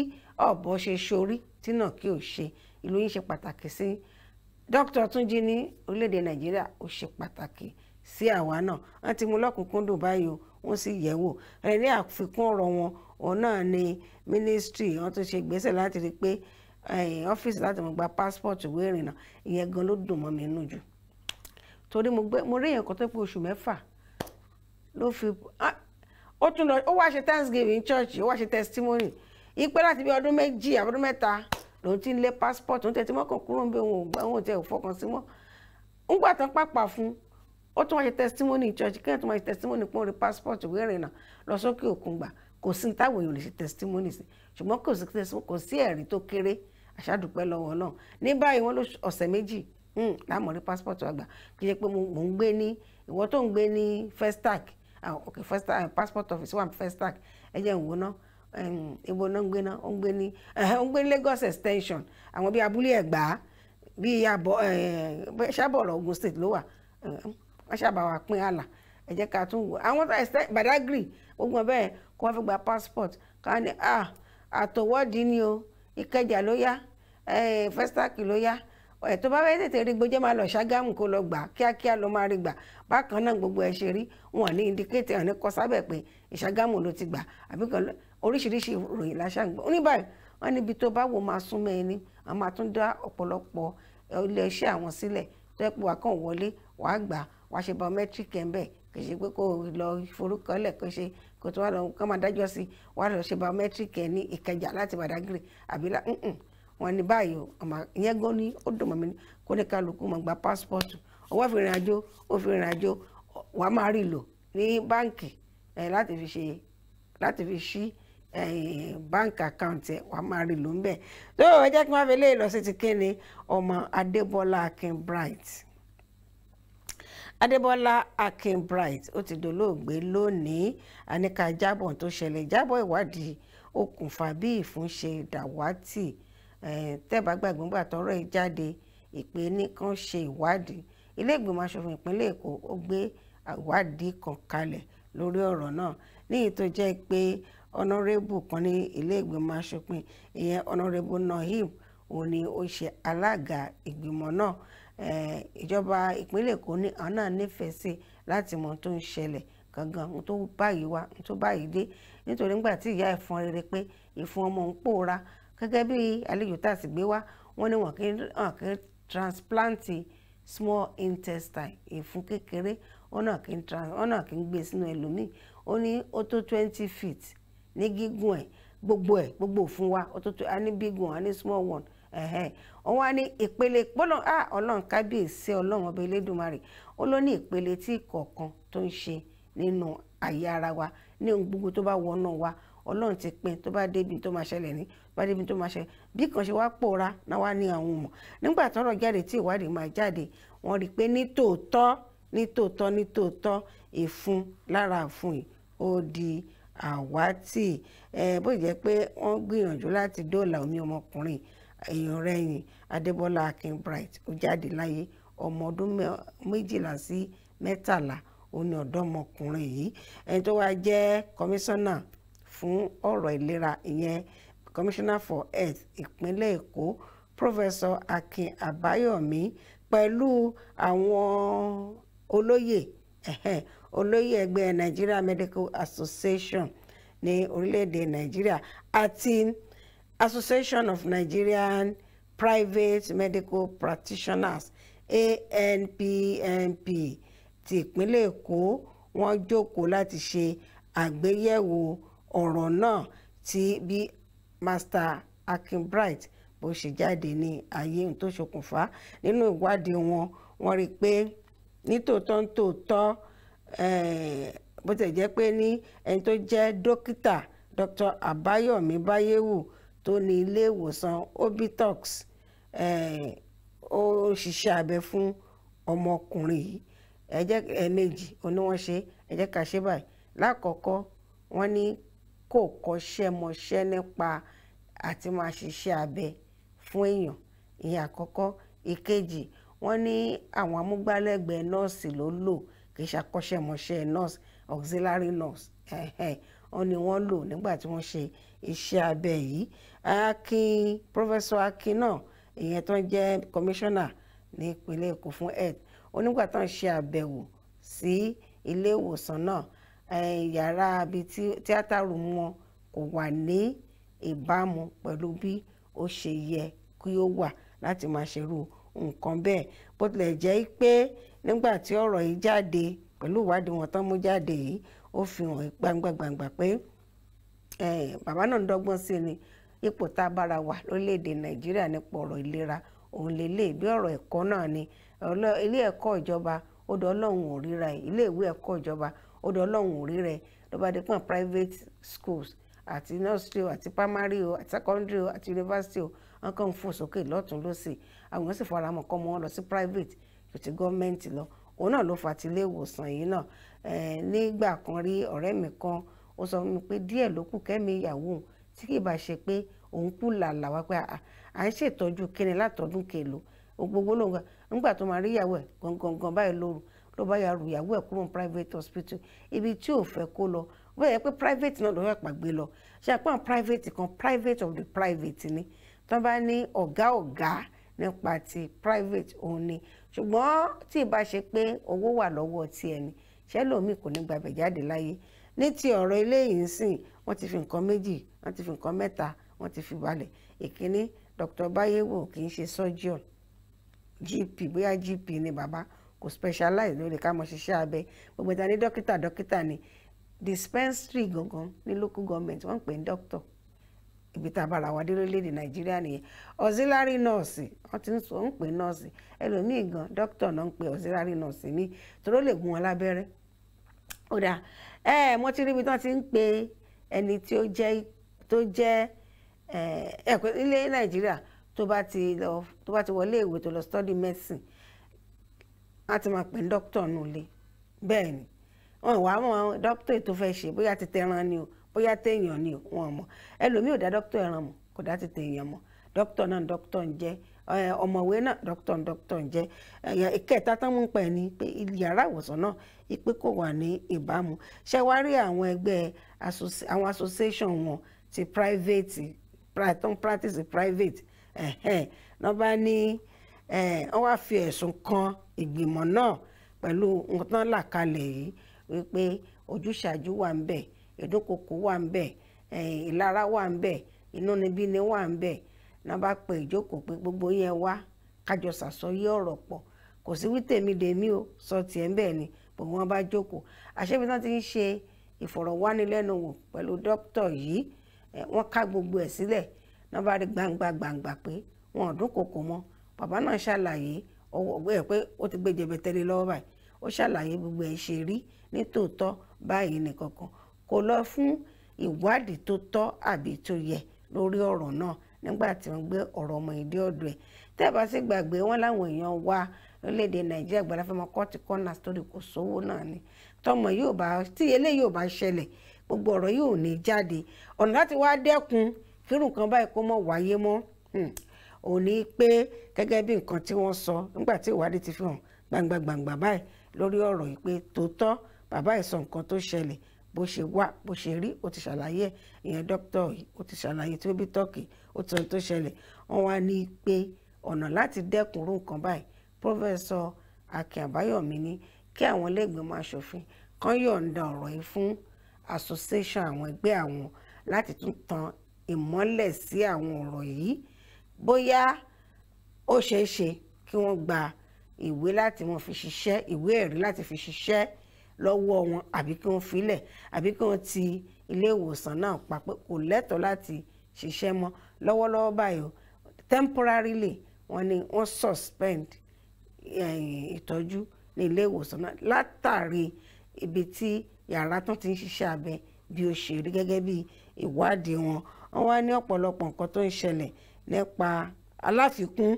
ọ̀bọ ṣe ṣorí tí náà kí ò ṣe ìlú yìí ṣe pàtàkì sí dókítà Túnjí ní orílẹ̀-èdè Nàìjíríà ó ṣe pàtàkì sí àwa náà wọ́n ti mú lọ́kùnkúndùn báyìí o wọ́n sì yẹ̀ wò ẹ̀ ní àfikún ọ̀rọ̀ wọn òun náà ni ministry wọ́n tún ṣe ìgbésẹ̀ láti rí i pé eh, ọ́fíìsì láti mọ̀ gba passport ìwé ìrìnnà ìyẹn gan ló dùn mọ́ mi nù jù torí mo rí èèyàn kan tó pé oṣù mẹ́fà ló fi ah, ó tún lọ ó wá ṣe thanksgiving church ó wá ṣe testimony ìpè láti bí ọdún méjì àbọ̀dún mẹ́ta lòun ti ń lé passport òun tẹ̀sí mọ́kàn kúrò ń bẹ òun ò gbà òun ò tẹ̀ ò fọkàn sí mọ́ ńgbà tán pàpà fún ó tún wá ṣe testimony church kí ẹ̀ tún wá ṣe testimony pọ́n rí passport ìwé ìrìnnà lọ sókè òkun gbà kò sí táwọn èèyàn lè ṣe testimony sí ṣùgbọ́n kò sí kò sí ẹ̀rí tó kéré àṣàdùpẹ́ lọ́wọ́ náà ní báyìí wọ́n ló ọ̀sẹ̀ méjì hmm, láàmú rí passport àgbà kì í ṣe pé mo ń gbé ní ìwọ tó ń gbé ní Festac ah, ok Festac eh, passport office wà ní Festac ẹ jẹ́ ìwọ náà èwo náà ń gbé náà ó ń gbé ní ó ń gbé ní Lagos extension àwọn bíi abúlé ẹ̀gbá bíi abọ ṣàbọ̀rọ̀ Ogun state ló wà wọ́n ṣàbàwà pín àlà ẹ jẹ́ ká tún wò àwọn Badagry gbogbo ọbẹ̀ kí wọ́n fi gba passport ká ní àtòwọ́dì ni o Ìkẹjà ló yá Festac ló yá ẹ̀ tó bá fẹ́ tètè rí gbójẹ́ máa lọ ṣàgámù kó lọ gbà kíákíá ló máa rí gbà bákan náà gbogbo ẹ̀ ṣe rí wọn ní indicate ẹ̀ ní kọ sábẹ̀ pé ìṣàgámù ló ti gbà àbí kan oríṣiríṣi ìròyìn láṣàgbọ́n ó ní báyìí wọ́n níbi tó bá wò máa súnmọ́ ẹni a máa tún dá ọ̀pọ̀lọpọ̀ ilé iṣẹ́ àwọn sílẹ̀ tó yẹ pé wàá kàn wọlé wàá gbà wàá ṣe biometric ẹ̀ ń bẹ̀ kì í ṣe pé kò lọ forúkọlẹ̀ kò ṣe kò tó wà lọ kọ́ máa dájọ́ sí wàá lọ ṣe biometric ẹ̀ ní Ìkẹjà láti Badagry àbí wọn ní báyìí ìyẹn gan ni ó dùn mọ́ mi kó ní kálukú mọ̀ gba passport owó fi àjò ó fi àjò wàá máa rí lò ní báǹkì láti fi ṣe láti fi ṣí Eh, bank account ẹ̀ wàá máa rí ló ń bẹ̀ tó ẹ jẹ́ kí wọ́n fi lè lọ sí ti kéde ọmọ Bright. Akinbright Adébọ́lá Akinbright ó ti dolóògbé lónìí àníkà jábọ̀ tó ṣẹlẹ̀ jábọ̀ ìwádìí okùnfà bí ìfúnṣe dàwátì tẹ́ẹ̀bá gbàgbé ńgbà tọ́rọ̀ ẹ̀ jáde ìpè nìkan ṣe ìwádìí ilé ìgbìmọ̀ asòfin ìpínlẹ̀ Èkó ó gbé ìwádìí kan kalẹ̀ lórí ọ̀rọ̀ náà níyì tó jẹ́ pé ọ̀nàrẹ́bù kan ní ilé ìgbìmọ̀ asòfin ìyẹn ọ̀nàrẹ́bù Naim òun ni ó ṣe alága ìgbìmọ̀ náà ìjọba ìpínlẹ̀ Èkó ní àwọn náà nífẹ̀ẹ́ sí láti mọ tó ń ṣẹlẹ̀ gangan ohun tó báyìí wá ohun tó báyìí dé nítorí nígbà tí ìyá ìfọn rere pé ìfun ọmọ ń pòórá gẹ́gẹ́ bí àlejò tá a sì gbé wá wọ́n ní wọ́n kì í transplant small intestine ìfun kékeré wọ́n náà kì í gbé e sínú ẹlòmíì ó ní ó tó twenty feet ní gígùn ẹ̀ gbogbo ẹ̀ gbogbo òfun wa ọ̀tọ̀tọ̀ a ní big one a ní small one ọ̀hún a ní ìpele gbọ́dọ̀ ah ọlọ́run kábíyèsí ọlọ́run ọba elédùnmarè ó ló ní ìpele tí kọ̀ọ̀kan tó ń ṣe nínú àyè ara wa ní ohun gbogbo tó bá wọnú wa ọlọ́run ti pín tó bá débi tó máa ṣẹlẹ̀ ní tó bá débi tó máa ṣẹlẹ̀ bí kan ṣe wá pòórá náà wá ní àwọn ọmọ nígbà tọ́rọ̀ jáde tí ìwádìí máa jáde wọ́n rí i pé ní tòótọ́ ní ìfun lára àfun yìí ó di àwátì bó jẹ́ pé wọ́n gbìyànjú láti dóòlà omi ọmọkùnrin èèyàn rẹ̀yìn adébọ́lá akínbright ó jáde láyé ọmọ ọdún méjìlá sí mẹ́tàlá ó ní ọ̀dọ́mọkùnrin yìí ẹni tó wáá jẹ́ kọmíṣánná fún ọ̀rọ̀ ìlera ìyẹn commissioner for health ìpínlẹ̀ èkó professor akin àbáyọ̀mí pẹ̀lú àwọn olóyè olóyè ẹgbẹ́ Nigeria Medical Association ní orílẹ̀-èdè Nigeria àti Association of Nigerian Private Medical Practitioners ANPMP ti ìpínlẹ̀ Èkó wọ́n jókòó láti ṣe àgbéyẹ̀wò ọ̀rọ̀ náà tí bí Master Akinbright bó ṣe jáde ní ayé tó ṣokùnfà nínú ìwádìí wọn wọ́n rí i pé nítòótọ́ nítòótọ́ bó tẹ̀ jẹ́ pé ní ẹni tó jẹ́ dókítà Dr. Àbáyọ̀mí Báyéwù tó ní ilé ìwòsàn Obitox ó ṣiṣẹ́ abẹ fún ọmọkùnrin yìí ẹ jẹ́ ẹ̀ẹ̀mejì òní wọ́n ṣe ẹ jẹ́ ká ṣe báyìí lákọ̀ọ́kọ́ wọ́n ní kò kọ́ṣẹ́ mọṣẹ́ nípa àti máa ṣiṣẹ́ abẹ fún èèyàn ìyẹn àkọ́kọ́ ìkejì wọ́n ní àwọn amúgbálẹ́gbẹ̀ẹ́ nọ́ọ̀sì ló lò kì í ṣàkọ́ṣẹ́mọṣẹ́ nurse auxiliary nurse wọ́n ni wọ́n lò nígbà tí wọ́n ṣe iṣẹ́ abẹ yìí akin professor akin náà ìyẹn tó ń jẹ́ commissioner ní ìpínlẹ̀ èkó fún health onígbà tó ń ṣe àbẹ̀wò sí ilé ìwòsàn náà eh, yàrá ibi tí tíátà rùm wọn kò wà ní ìbámu pẹ̀lú bí ó ṣe yẹ kí ó wà láti máa ṣerú nǹkan bẹ́ẹ̀ bó tilẹ̀ jẹ́ pé nígbà tí ọ̀rọ̀ yìí jáde pẹ̀lú ìwádìí wọn tán mú jáde yìí ó fi hàn gbangba gbangba pé bàbá náà ń dọ́gbọ́n sí ni ipò tá a bára wà lórílẹ̀‐èdè nàìjíríà nípa ọ̀rọ̀ ìlera òun lélẹ̀ bí ọ̀rọ̀ ẹ̀kọ́ náà ni ilé ẹ̀kọ́ ìjọba ó dọ̀ ọlọ́run ò ríra ẹ̀ ilé ìwé ẹ̀kọ́ ìjọba ó dọ̀ ọlọ́run ò ríra ẹ̀ ló bá dé pọ̀n private schools àti nursery o àti primary o àti secondary o àti university o wọn kàn ń fò sókè lọ́tún lọ́sì àwọn sì faramọ̀ kọ́ ọmọ wọn lọ sí private ju ti gọ́ọ̀mẹ̀ntì lọ òun náà ló fà ti ilé ìwòsàn yìí náà nígbà kan rí ọ̀rẹ́ mi kan ó sọ fún mi pé díẹ̀ ló kù kẹ́mi ìyàwó tí kì í bá ṣe pé òun kú làlà wá pé à ń ṣètọ́jú kíni látọ̀dún kèlò gbogbo lóun gan nígbà tó máa rí ìyàwó ẹ̀ gangan báyìí lóru ló bá yà rù ìyàwó ẹ̀ kúrò ní private hospital ibi tí ò fẹ́ kó lọ bẹ́ẹ̀ yẹ pé private náà lọ́wọ́ ìpàgbé lọ ṣe àpọ́n private kan private of the private ni tó bá ní ọ̀gá ọ̀gá nípa ti private òun ni ṣùgbọ́n tí ìbá ṣe pé owó wà lọ́wọ́ ti ẹni ṣẹlòmíì kò ní gbàgbẹ́ jáde láyé ní ti ọ̀rọ̀ eléyìí ń sìn wọ́n ti fi nǹkan méjì wọ́n ti fi nǹkan mẹ́ta wọ́n ti fi balẹ̀ ìkíní Dr. Báyéwò kì í ṣe surgeon GP bóyá GP ni bàbá kò specialize lórí ká mọ ṣiṣẹ́ abẹ gbogbo ìta ní dókítà dókítà ni dispensary gangan ní local government wọ́n ń pè ní doctor ibi tá a bára wa dé lórílẹ̀‐èdè nàìjíríà nìyẹn auxiliary nurse wọ́n ti ń sọ ń pè nurse ẹlòmíì gan doctor náà ń pè auxiliary nurse mi toró lè gún wọn lábẹ́rẹ́ ó dà ẹ mo ti rí ibi tí wọ́n ti ń pe ẹni tí ó jẹ́ tó jẹ́ ẹ̀kọ́ ilé nàìjíríà tó bá ti lọ tó bá ti wọlé ìwé tó lọ study medicine wọ́n ti máa pè ní doctor nù lé bẹ́ẹ̀ ni wọ́n wàá mọ̀ doctor tó fẹ́ ṣe bóyá ti tẹran ni o bóyá téèyàn ni wọn mọ̀ ẹlòmíì ò dá dókítà ẹran mọ̀ kò dá ti téèyàn mọ̀ dókítà náà dókítà ń jẹ́ ọmọwé náà dókítà ń dókítà ń jẹ́ ìkẹta tán mú pẹ̀ ni pé yàrá ìwòsàn náà ipe kò wà ní ìbámu ṣé wàá rí àwọn ẹgbẹ́ àwọn association wọn ti private tó ń practice private náà bá ní wọ́n wá fi ẹ̀sùn kan ìgbìmọ̀ náà pẹ̀lú nǹkan tán là kalẹ̀ yìí wípé ojúṣàjú wà ń bẹ̀ ìdúnkokò wà ń bẹ̀ ìlara wà ń bẹ̀ inúnibíni wà ń bẹ̀ náà bá pe ìjókòó pé gbogbo yẹn wá kájọ sàsọyé ọ̀rọ̀ pọ̀ kò sí wí tèmi dèmi o sọ tiẹ̀ ń bẹ̀ ni pé wọ́n bá jókòó àṣẹ́bí náà ti ń ṣe ìfọ̀rọ̀wánilẹ́nuwò pẹ̀lú dókítà yìí wọ́n ká gbogbo ẹ̀ sílẹ̀ náà bá rí gbangba gbangba pé wọn ò dúnkokò mọ́ bàbá náà ṣàlàyé ọwọ́ ẹ̀ pé ó ti gbé jẹ̀bẹ̀tẹ́lẹ̀ lọ́wọ́ báyìí ó ṣàlàyé gbogbo ẹ̀ ṣe rí nítòótọ́ báyìí nìkankan kò lọ fún ìwádìí tó tọ́ àbí tó yẹ lórí ọ̀rọ̀ náà nígbà tí wọ́n gbé ọ̀rọ̀ ọmọ ìdí ọ̀dọ̀ ẹ̀ tẹ́ ẹ bá sì gbàgbé wọn láwọn èèyàn wa lórílẹ̀‐èdè nàìjíríà gbàdá fẹ́ mọ kọ́ọ̀tì kọ́nà sórí kò sówó náà ni tọmọ yóò bá tí eléyìí ò bá ṣẹlẹ̀ gbogbo ọ̀rọ̀ yóò ní jáde ọ̀nà láti wá dẹ́kun kírun kan báyìí kó mọ̀ wáyé mọ́ hmm, ò ní pé gẹ́gẹ́ bí nǹkan tí wọ́n sọ nígbà tí ìwádìí ti fi hàn gbangba gbangba báyìí lórí ọ̀rọ̀ yìí pé tòótọ́ bàbá ìsọ nǹkan tó ṣẹlẹ̀ bó ṣe wà bó ṣe rí ó ti ṣàlàyé ìyẹn dókítà ó ti ṣàlàyé tí ó bí tọ́kì ó ti sọ tó ṣẹlẹ̀ wọ́n wá ní pé ọ̀nà láti dẹ́kun irú nǹkan báyìí pọ́fẹ́sọ Akin Àbáyọ̀mí ní kí àwọn ẹlẹ́gbẹ̀mọ́ aṣòfin kan yọ̀ǹda ọ̀rọ̀ yìí fún association àwọn ẹgbẹ́ àwọn láti tún tan ìmọ́lẹ̀ sí àwọn ọ̀rọ̀ yìí bóyá ó ṣeé ṣe kí wọ́n gba ìwé láti wọn fi ṣiṣẹ́ ìwé ẹ̀rí láti fi ṣiṣẹ́ lọ́wọ́ wọn àbí kí wọ́n filẹ̀ àbí kí wọ́n ti ilé ìwòsàn náà pa pé kò lẹ́tọ̀ọ́ láti ṣiṣẹ́ mọ́ lọ́wọ́lọ́wọ́ báyìí o temporarily wọ́n ní wọ́n suspend eh, ìtọ́jú ní ilé ìwòsàn náà látàrí ibi tí yàrá tó ti ń ṣiṣẹ́ abẹ bí ó ṣe rí gẹ́gẹ́ bí ìwádìí wọn wọ́n wá ní ọ̀pọ̀lọpọ̀ nǹkan tó ń ṣẹlẹ̀ nípa aláfikún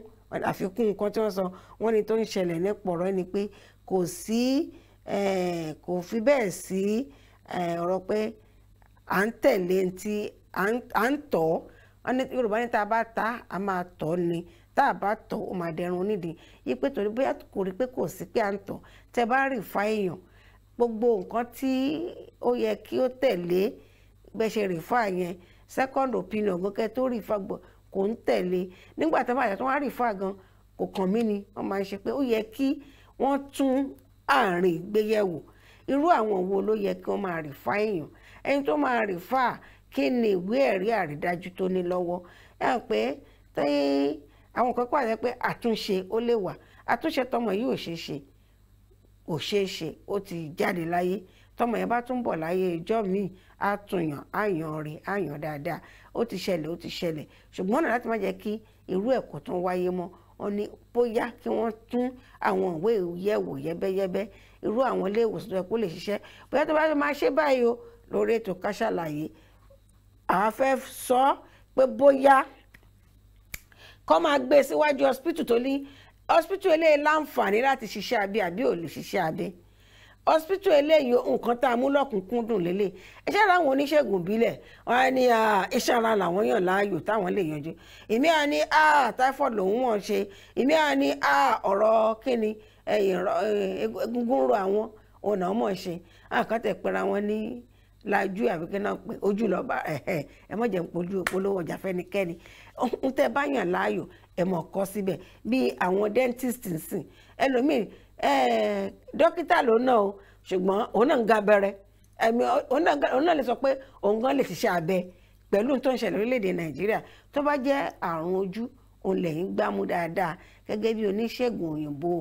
àfikún nǹkan tí wọ́n sọ wọ́n ní tó ń ṣẹlẹ̀ nípa ọ̀rọ̀ ni pé kò sí Eh, kò fi bẹ́ẹ̀ sí eh, ọ̀rọ̀ pé à ń tẹ̀lé ti à ń tọ́ yorùbá ní tá a bá ta a máa tọ́ ni tá a bá tọ́ ó máa dẹrun nídìí yí pé torí bóyá kò rí pé kò sí pé à ń tọ́ tẹ bá rí fa èèyàn gbogbo nǹkan tí ó yẹ kí ó tẹ̀lé gbẹ̀ṣẹ̀ rí fa yẹn second opinion gọ́kẹ́ tó rí fa gbọ́ kò ń tẹ̀lé nígbà tó bá yàtọ̀ wọ́n á rí fa gan kò kàn mí ni wọ́n máa ń ṣe pé ó yẹ kí wọ́n tún àárín ìgbéyẹ̀wò irú àwọn wo ló yẹ kí wọ́n máa rìfá èèyàn ẹni tó máa rìfá kí ni ìwé ẹ̀rí àrídájú tó ní lọ́wọ́ ẹ̀ pé tẹ́yìn àwọn kan pàṣẹ pé àtúnṣe ó lè wà àtúnṣe tọmọ yìí ò ṣeé ṣe ò ṣeé ṣe ó ti jáde láyé tọmọ yẹn bá tún bọ̀ láyé ọjọ́ míì á túnyàn á yàn rí á yàn dáadáa ó ti ṣẹlẹ̀ ó ti ṣẹlẹ̀ ṣùgbọ́n ọ̀nà láti má jẹ́ kí irú ẹ̀kọ́ tó ń wáyé mọ́ wọn ní bóyá kí wọ́n tún àwọn ìwé ìyẹ̀wò yẹ́bẹ́yẹ́bẹ́ irú àwọn ilé ìwòsàn tó yẹ kó lè ṣiṣẹ́ bóyá tó bá fi máa ṣe báyìí o lórí ètò Ká Sálàyé àwa fẹ́ sọ ọ́ pé bóyá kọ́ máa gbé e síwájú hospital tó ní hospital eléyìí láǹfààní láti ṣiṣẹ́ abẹ àbí ò lè ṣiṣẹ́ abẹ hospital eléyìí nǹkan tá a mú lọ́kùnkúndùn lélẹ̀ ẹ ṣáà ráwọn oníṣègùn ìbílẹ̀ wọn ní iṣẹ́ ara làwọn yàn láàyò táwọn lè yanjú ìmí à ní a typhoid lòun wọ́n ṣe ìmí à ní a ọ̀rọ̀ kíni egungun ro àwọn ọ̀nà ọmọ ṣe àkàtẹ̀ pẹ̀ra wọn ní lajú àbí kí náà pé ojú lọ́ba ẹ mọ̀ jẹ́ npojú polówó ọjà fẹ́nikẹ́ni ń tẹ́ bá láàyò ẹ mọ̀ kọ́ síbẹ̀ bí àwọn dentist ń sìn ẹlòmíì dókítà ló náà o ṣùgbọ́n òun náà ń ga abẹ́rẹ́ ẹ̀mí òun náà lè sọ pé òun gan lè ṣiṣẹ́ abẹ pẹ̀lú tó ń ṣẹlẹ̀ lórílẹ̀‐èdè nàìjíríà tó bá jẹ́ àrùn ojú òun lẹ́yìn gbámú dáadáa gẹ́gẹ́ bí oníṣègùn òyìnbó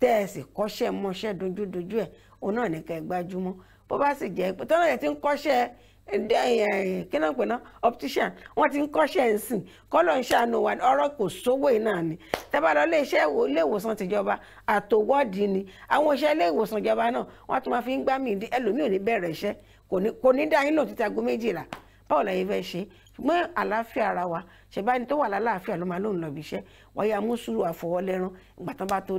tẹ́ẹ̀sì kọ́ṣẹ́ mọṣẹ́ dojúdojú ẹ̀ òun náà ní kẹ́ gbájúmọ́ bó bá sì jẹ́ pé tọ́lá yẹn ti ń kọ́ṣẹ́ kí náà pè ná optician wọ́n ti ń kọ́ṣẹ́ ń sìn kọ́lọ̀ ń ṣàánú wa ọ̀rọ̀ kò sówó iná ni tẹ́bàlọ́ iléeṣẹ́ iléèwòsàn tìjọba àtòwọ́dì ni àwọn iṣẹ́ iléèwòsàn ìjọba náà wọ́n tún máa fi ń gbá mi ẹlòmíì ò ní bẹ̀rẹ̀ iṣẹ́ kò ní dá yín lò títa aago méjìlá báwo la yẹ fẹ́ ṣe ṣùgbọ́n àlàáfíà ara wa ṣẹ̀bá ẹni tó wà lálàáfíà ló máa lóun lọ bí iṣẹ́ wọ́n yá mú sùúrù àfọwọ́lẹ́rán ìgbà tán bá tó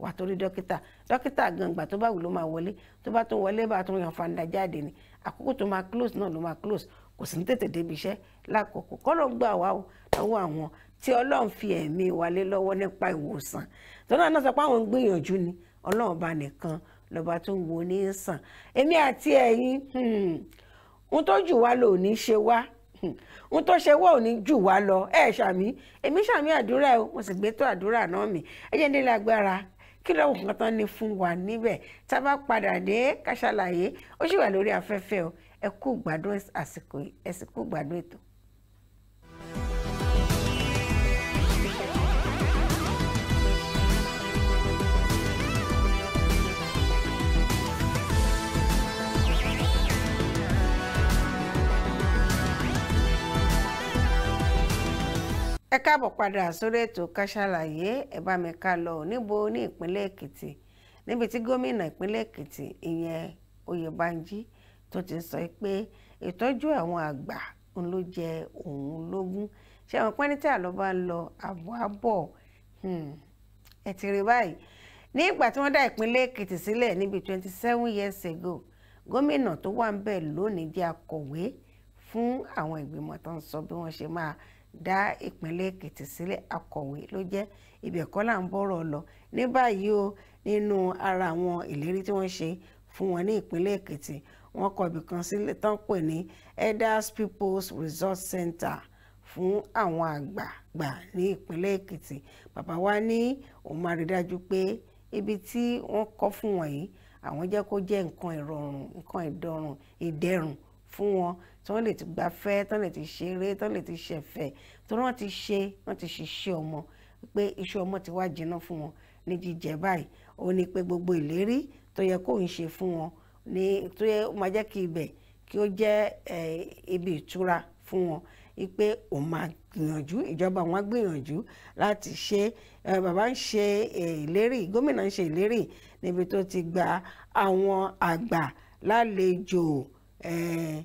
wà torí dókítà dókítà gbangba tó bá wù ló máa wọlé tó bá tún wọlé bá tún yan fanda jáde ni àkókò tó máa close náà ló máa close kò sí ní tètè débi iṣẹ́ lákòókò kọ́lọ́ gbà wá o lọ́wọ́ àwọn tí ọlọ́run fi ẹ̀mí wa lé lọ́wọ́ nípa ìwòsàn tọ́lá náà sọ pé àwọn ń gbìyànjú ni ọlọ́run bá nìkan lọ́ba tó wo ní sàn èmi àti ẹ̀yin hmm, ohun tó jù wá lò ní ṣe wá hmm, ohun tó ṣe wá ò ní jù wá lọ ẹ ṣàmì èmi ṣàmì àdúrà o mo sì gbé tó àdúrà náà mi ẹ jẹ́ nílẹ̀ agbára kí lọ́wọ́ nǹkan tán ni fún wa níbẹ̀ tá a bá padà dé ká ṣàlàyé ó sì wà lórí afẹ́fẹ́ o ẹ kú gbádùn àsìkò ẹ sì kú gbádùn ètò. ẹ káàbọ̀ padà sórí ètò Ká Sálàyé ẹ bá mi ká lọ níbo ní ìpínlẹ̀ Èkìtì níbi tí gómìnà ìpínlẹ̀ Èkìtì ìyẹn Oyèbánjí tó ti sọ pé ìtọ́jú àwọn àgbà ń ló jẹ òun lógún ṣé àwọn pẹ́ni tí àlọ́ bá ń lọ àbọ̀ àbọ̀ hmm, ẹ ti rí báyìí ní ìgbà tí wọ́n dá ìpínlẹ̀ Èkìtì sílẹ̀ níbi twenty seven years ago gómìnà tó wà ń bẹ̀ lónìí jẹ́ akọ̀wé fún àwọn ìgbìmọ̀ tó ń sọ bí wọ́n ṣe máa dá ìpínlẹ̀ èkìtì sílẹ̀ akọ̀wé ló jẹ́ ibẹ̀ kọ́ là ń bọ̀rọ̀ lọ ní báyìí o nínú ara àwọn ìlérí tí wọ́n ṣe fún wọn ní ìpínlẹ̀ èkìtì wọ́n kọ ibì kan sílẹ̀ tán pè ní elders people's resource center fún àwọn àgbààgbà ní ìpínlẹ̀ èkìtì bàbá wa ní òun máa rí dájú pé ibi tí wọ́n kọ́ fún wọn yìí àwọn jẹ́ kó jẹ́ nǹkan ìrọ̀rùn nǹkan ìdọ̀rùn ìdẹ̀rùn fún wọn tí wọ́n lè ti gbafẹ́ tí wọ́n lè ti ṣeré tí wọ́n lè ti ṣẹ̀fẹ̀ tí wọ́n ti ṣe wọ́n ti ṣiṣẹ́ ọmọ pé iṣẹ́ ọmọ ti wá jiná fún wọn ní jíjẹ báyìí ó ní pé gbogbo ìlérí tó yẹ kó ń ṣe fún wọn ní tó yẹ ó máa jẹ́ kí ibẹ̀ kí ó jẹ́ ibi ìtura fún wọn pé òun máa gbìyànjú ìjọba wọn á gbìyànjú láti ṣe bàbá ń ṣe ìlérí gómìnà ń ṣe ìlérí níbi tó ti gba àwọn àgbà lálejò. Eh,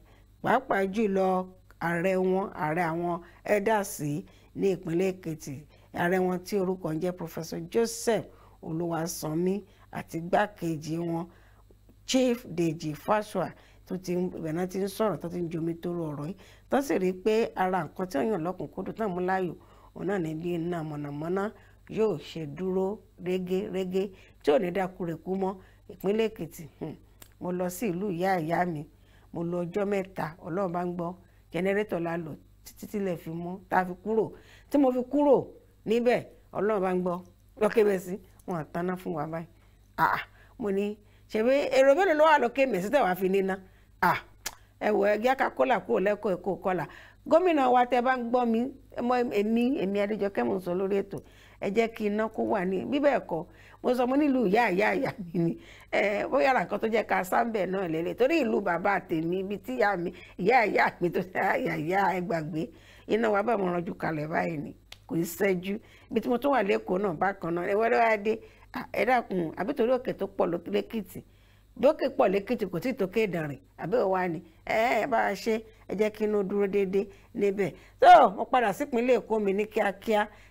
pàápàá jùlọ ààrẹ wọn ààrẹ àwọn eldasi ní ìpínlẹ̀ èkìtì ààrẹ wọn tí orúkọ ń jẹ́ professor joseph olúwasanmi àti igbákejì wọn chief deji fashua tó ti ibẹ̀ náà ti ń sọ̀rọ̀ tó ti ń jomi tó rọrọ̀ yìí tó sì rí i pé ara nǹkan tí òyìn ọlọ́kùnkúndùn náà mú láàyò òun náà ní bí iná mọ̀nàmọ́ná yóò ṣe dúró régérégé tí ò ní dákúrekú mọ́ ìpínlẹ̀ èkìtì hmm, mo lọ sí ìlú ìyá ìyá mi mo lo ọjọ́ mẹ́ta ọlọ́run bá ń gbọ́ jẹnẹrétọ̀ la lò títí tílẹ̀ fi mú tá a fi kúrò tí mo fi kúrò níbẹ̀ ọlọ́run bá ń gbọ́ lókè bẹ́ẹ̀ sí wọn àtaná fún wa báyìí àà mo ní ṣèbí èrò mélòó ló wà lókè mẹ́sì tẹ̀ wá fi níná à ẹ̀wọ̀ ẹ̀gí akakọ́là kúrò lẹ́kọ̀ọ́ ẹ̀kọ́ kọ́là gómìnà wa tẹ́ bá ń gbọ́ mi èmi èmi Adéjọkẹ́ mò ń sọ lórí ètò ẹ jẹ́ kí iná kó wà ní bíbẹ̀ ẹ̀kọ́ mo sọ mo nílùú ìyá ìyá ìyá mi ni bóyá ara nǹkan tó jẹ́ ká sáńbẹ̀ náà lélẹ̀ torí ìlú bàbá ibi tí ìyá mi ìyá ìyá mi tó ṣe àyà ìyá ẹgbàgbé iná wa bá mo ranjú kalẹ̀ báyìí ni kò í ṣẹ́jú ibi tí mo tún wà lẹ́kọ̀ọ́ náà bákan náà ẹ dé ẹ òkè tó pọ̀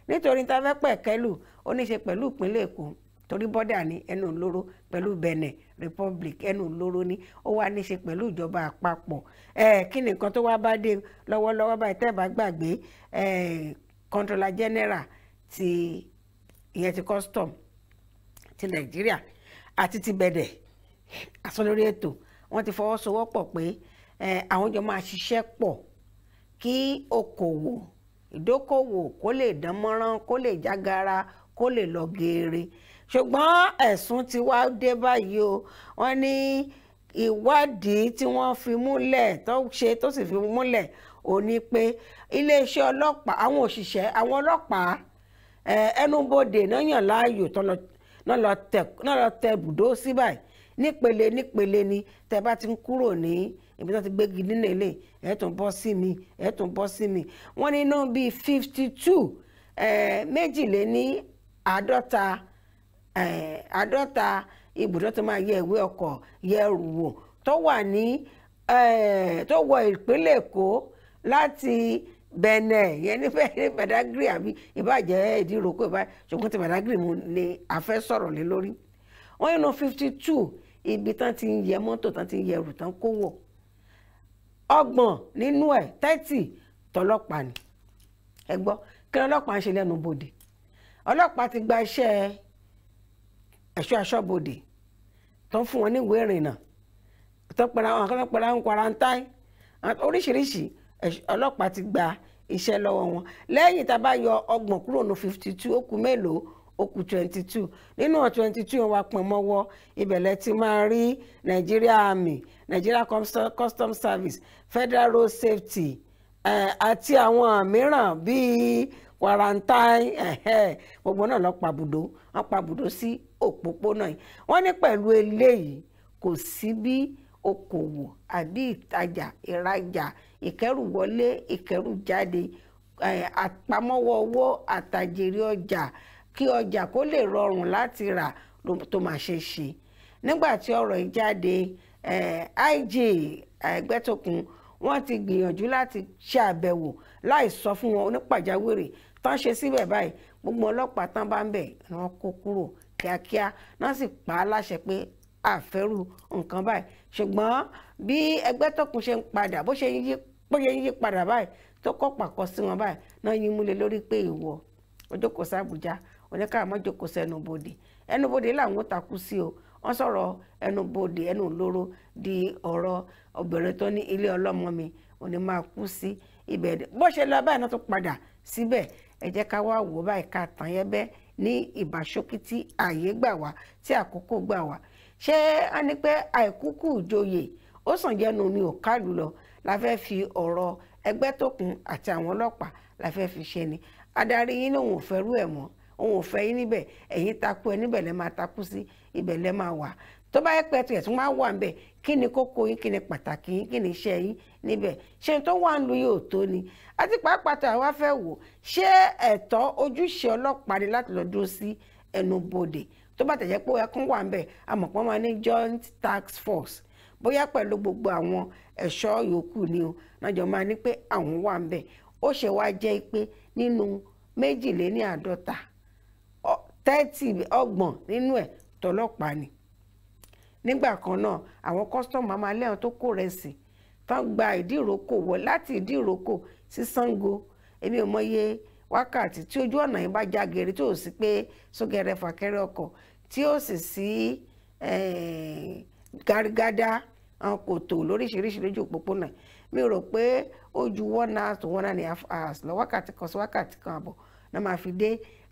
nítorí tá a fẹ́ pẹ̀kẹ́lù ó ní ṣe pẹ̀lú ìpínlẹ̀ èkó torí bọ́dà ní ẹnu olóró pẹ̀lú benin republic ẹnu olóró ní ó wá ní ṣe pẹ̀lú ìjọba àpapọ̀ kí ni nǹkan tó wá bá dé lọ́wọ́lọ́wọ́ báyìí tẹ́ bá gbàgbé controller general ti ìyẹn ti custom ti nàìjíríà àti ti bẹ̀dẹ̀ àsọlórí ètò wọ́n ti fọwọ́sowọ́pọ̀ pé àwọn jọ máa ṣiṣẹ́ pọ̀ kí okòwò ìdókòwò kó lè dán mọ́rán kó lè jágara kó lè lọ geere ṣùgbọ́n ẹ̀sùn ti wá dé báyìí o wọ́n ní ìwádìí tí wọ́n fi múlẹ̀ tó ṣe tó sì fi múlẹ̀ ò ní pé iléeṣẹ́ ọlọ́pàá àwọn òṣìṣẹ́ àwọn ọlọ́pàá ẹnubodè náà yàn láàyò náà lọ tẹ bùdó sí báyìí nípele nípele ni tẹ bá ti ń kúrò ní. Ni ibi tó ti gbé gidi náà lè ẹ̀ẹ́tún bọ́ sí mi ẹ̀ẹ́tún bọ́ sí mi wọ́n ní iná bíi fifty two méjìléní àádọ́ta àádọ́ta ibùdó tó máa yẹ ìwé ọkọ̀ yẹ ẹrù wò tó wà ní tó wọ ìpínlẹ̀ èkó láti bẹ̀nẹ̀ yẹn níbẹ̀ ní Badagry àbí ìbàjẹ́ ìdíròkó ìbàjẹ́ ṣùgbọ́n ti Badagry mu ni a fẹ́ sọ̀rọ̀ lé lórí wọ́n yẹn nu fifty two ibi tán ti ń yẹ mọ́tò tán ti ń yẹ ẹrù tán kó wọ̀ ọgbọ̀n nínú ẹ̀ tẹ́tì tọlọ́pàá ni ẹ gbọ́ kí ọlọ́pàá ń ṣe lẹ́nu bodè ọlọ́pàá ti gba iṣẹ́ ẹ̀ṣọ́ aṣọ́bodè tó ń fún wọn níwèé ìrìnnà tó pẹ̀lú àwọn akẹ́kọ̀ọ́ pẹ̀lú àwọn kwarantáì oríṣiríṣi ọlọ́pàá ti gba iṣẹ́ lọ́wọ́ wọn lẹ́yìn tá a bá yọ ọgbọ̀n kúrò ní fifty two ó kù mélòó ó twenty two nínú twenty two wa pọ̀n mọ́wọ́ ibẹ̀lẹ̀ ti máa rí Nigeria Army Nigeria Customs Service Federal Road Safety eh, àti àwọn mìíràn bíi quarantine gbogbo náà lọ pàbùdó wọn pàbùdó sí òpópónà yìí wọ́n ní pẹ̀lú eléyìí kò sí bí okòwò àbí ìtajà ìrajà ìkẹrùwọlé ìkẹrùjáde eh, àpamọ́wọ́ owó àtàjèrè ọjà kí ọjà kó lè rọrùn láti rà tó máa ṣe ṣe nígbà tí ọ̀rọ̀ yìí jáde IG Ẹgbẹ́tókun wọ́n ti gbìyànjú láti ṣe àbẹ̀wò láì sọ fún wọn onípàjáwìrì tán ṣe síbẹ̀ báyìí gbogbo ọlọ́pàá tán bá ń bẹ̀ ni wọ́n kó kúrò kíákíá náà sì pa á láṣẹ pé àfẹ́rù nǹkan báyìí ṣùgbọ́n bí Ẹgbẹ́tókun ṣe ń padà bó ṣe yí bóyá yí padà báyìí tó kọ́ pàkọ́ sí wọn báyìí náà yín múlẹ̀ lórí pé ìwọ ojókòó sí kò ní káàmọ́ jókòó sí ẹnubodè la làwọn ó takú sí o wọ́n sọ̀rọ̀ ẹnubodè ẹnu lóró di oro, obìnrin tó ní ilé ọlọ́mọ mi ò ní máa kú sí ibẹ̀ bó ṣe lọ báyìí náà tó padà síbẹ̀ ẹ jẹ́ ká wá wò báyìí ká tàn yẹn bẹ́ ní ìbáṣókí tí ààyè gbà wá tí àkókò gbà wá ṣé a ní pé àìkúkú ìjòyè ó sàn jẹ́nu mi ò la fẹ́ fi ọ̀rọ̀ ẹgbẹ́ tókun àti àwọn ọlọ́pàá la fẹ́ fi ṣe ni adarí yín lòun ò fẹ́rú ẹ̀ òun ò fẹ́ yín níbẹ̀ ẹ̀yin takú ẹ níbẹ̀ lẹ́ máa takú sí ibẹ̀ lẹ́ máa wà tó bá yẹ pé ẹtù ẹ̀tún máa wà níbẹ̀ kí ni kókó yín kí ni pàtàkì yín kí ni iṣẹ́ yín níbẹ̀ ṣé n tó wà ń lu yóò tó ni àti pàápàá tó àwa fẹ́ wò ṣé ẹ̀tọ́ ojúṣe ọlọ́pàá ni láti lọ dúró sí ẹnu bodè tó bá tẹ̀jẹ́ pé ẹkún wà níbẹ̀ àmọ̀pọ̀ máa ní joint task force bóyá pẹ̀lú gbogbo àwọn ẹ̀ṣọ́ yòókù ni o lọ́jọ́ máa ní pé àwọn wà níbẹ̀ ó ṣe wá jẹ́ pé nínú méjìléníàádọ́ta thirty ọgbọ̀n nínú ẹ̀ tọlọ́pàá ni nígbà kan náà àwọn kọ́sítọ́ọ̀mù amáléhàn tó kó rẹ̀ sí tán gba ìdí ìrókò wọ láti ìdí ìrókò sí Ṣàngó èmi ò mọye wákàtí tí ojú ọ̀nà yìí bá já gèrè tí ò sí pé súnkẹrẹ fàkẹrẹ ọkọ̀ tí ó sì sí eh, gàrígádá àwọn kòtò lóríṣiríṣi lójú òpópónà mi rò pé ó ju one hour to one and a wákàtí kan sí wákàtí kan àbọ̀ náà máa fi dé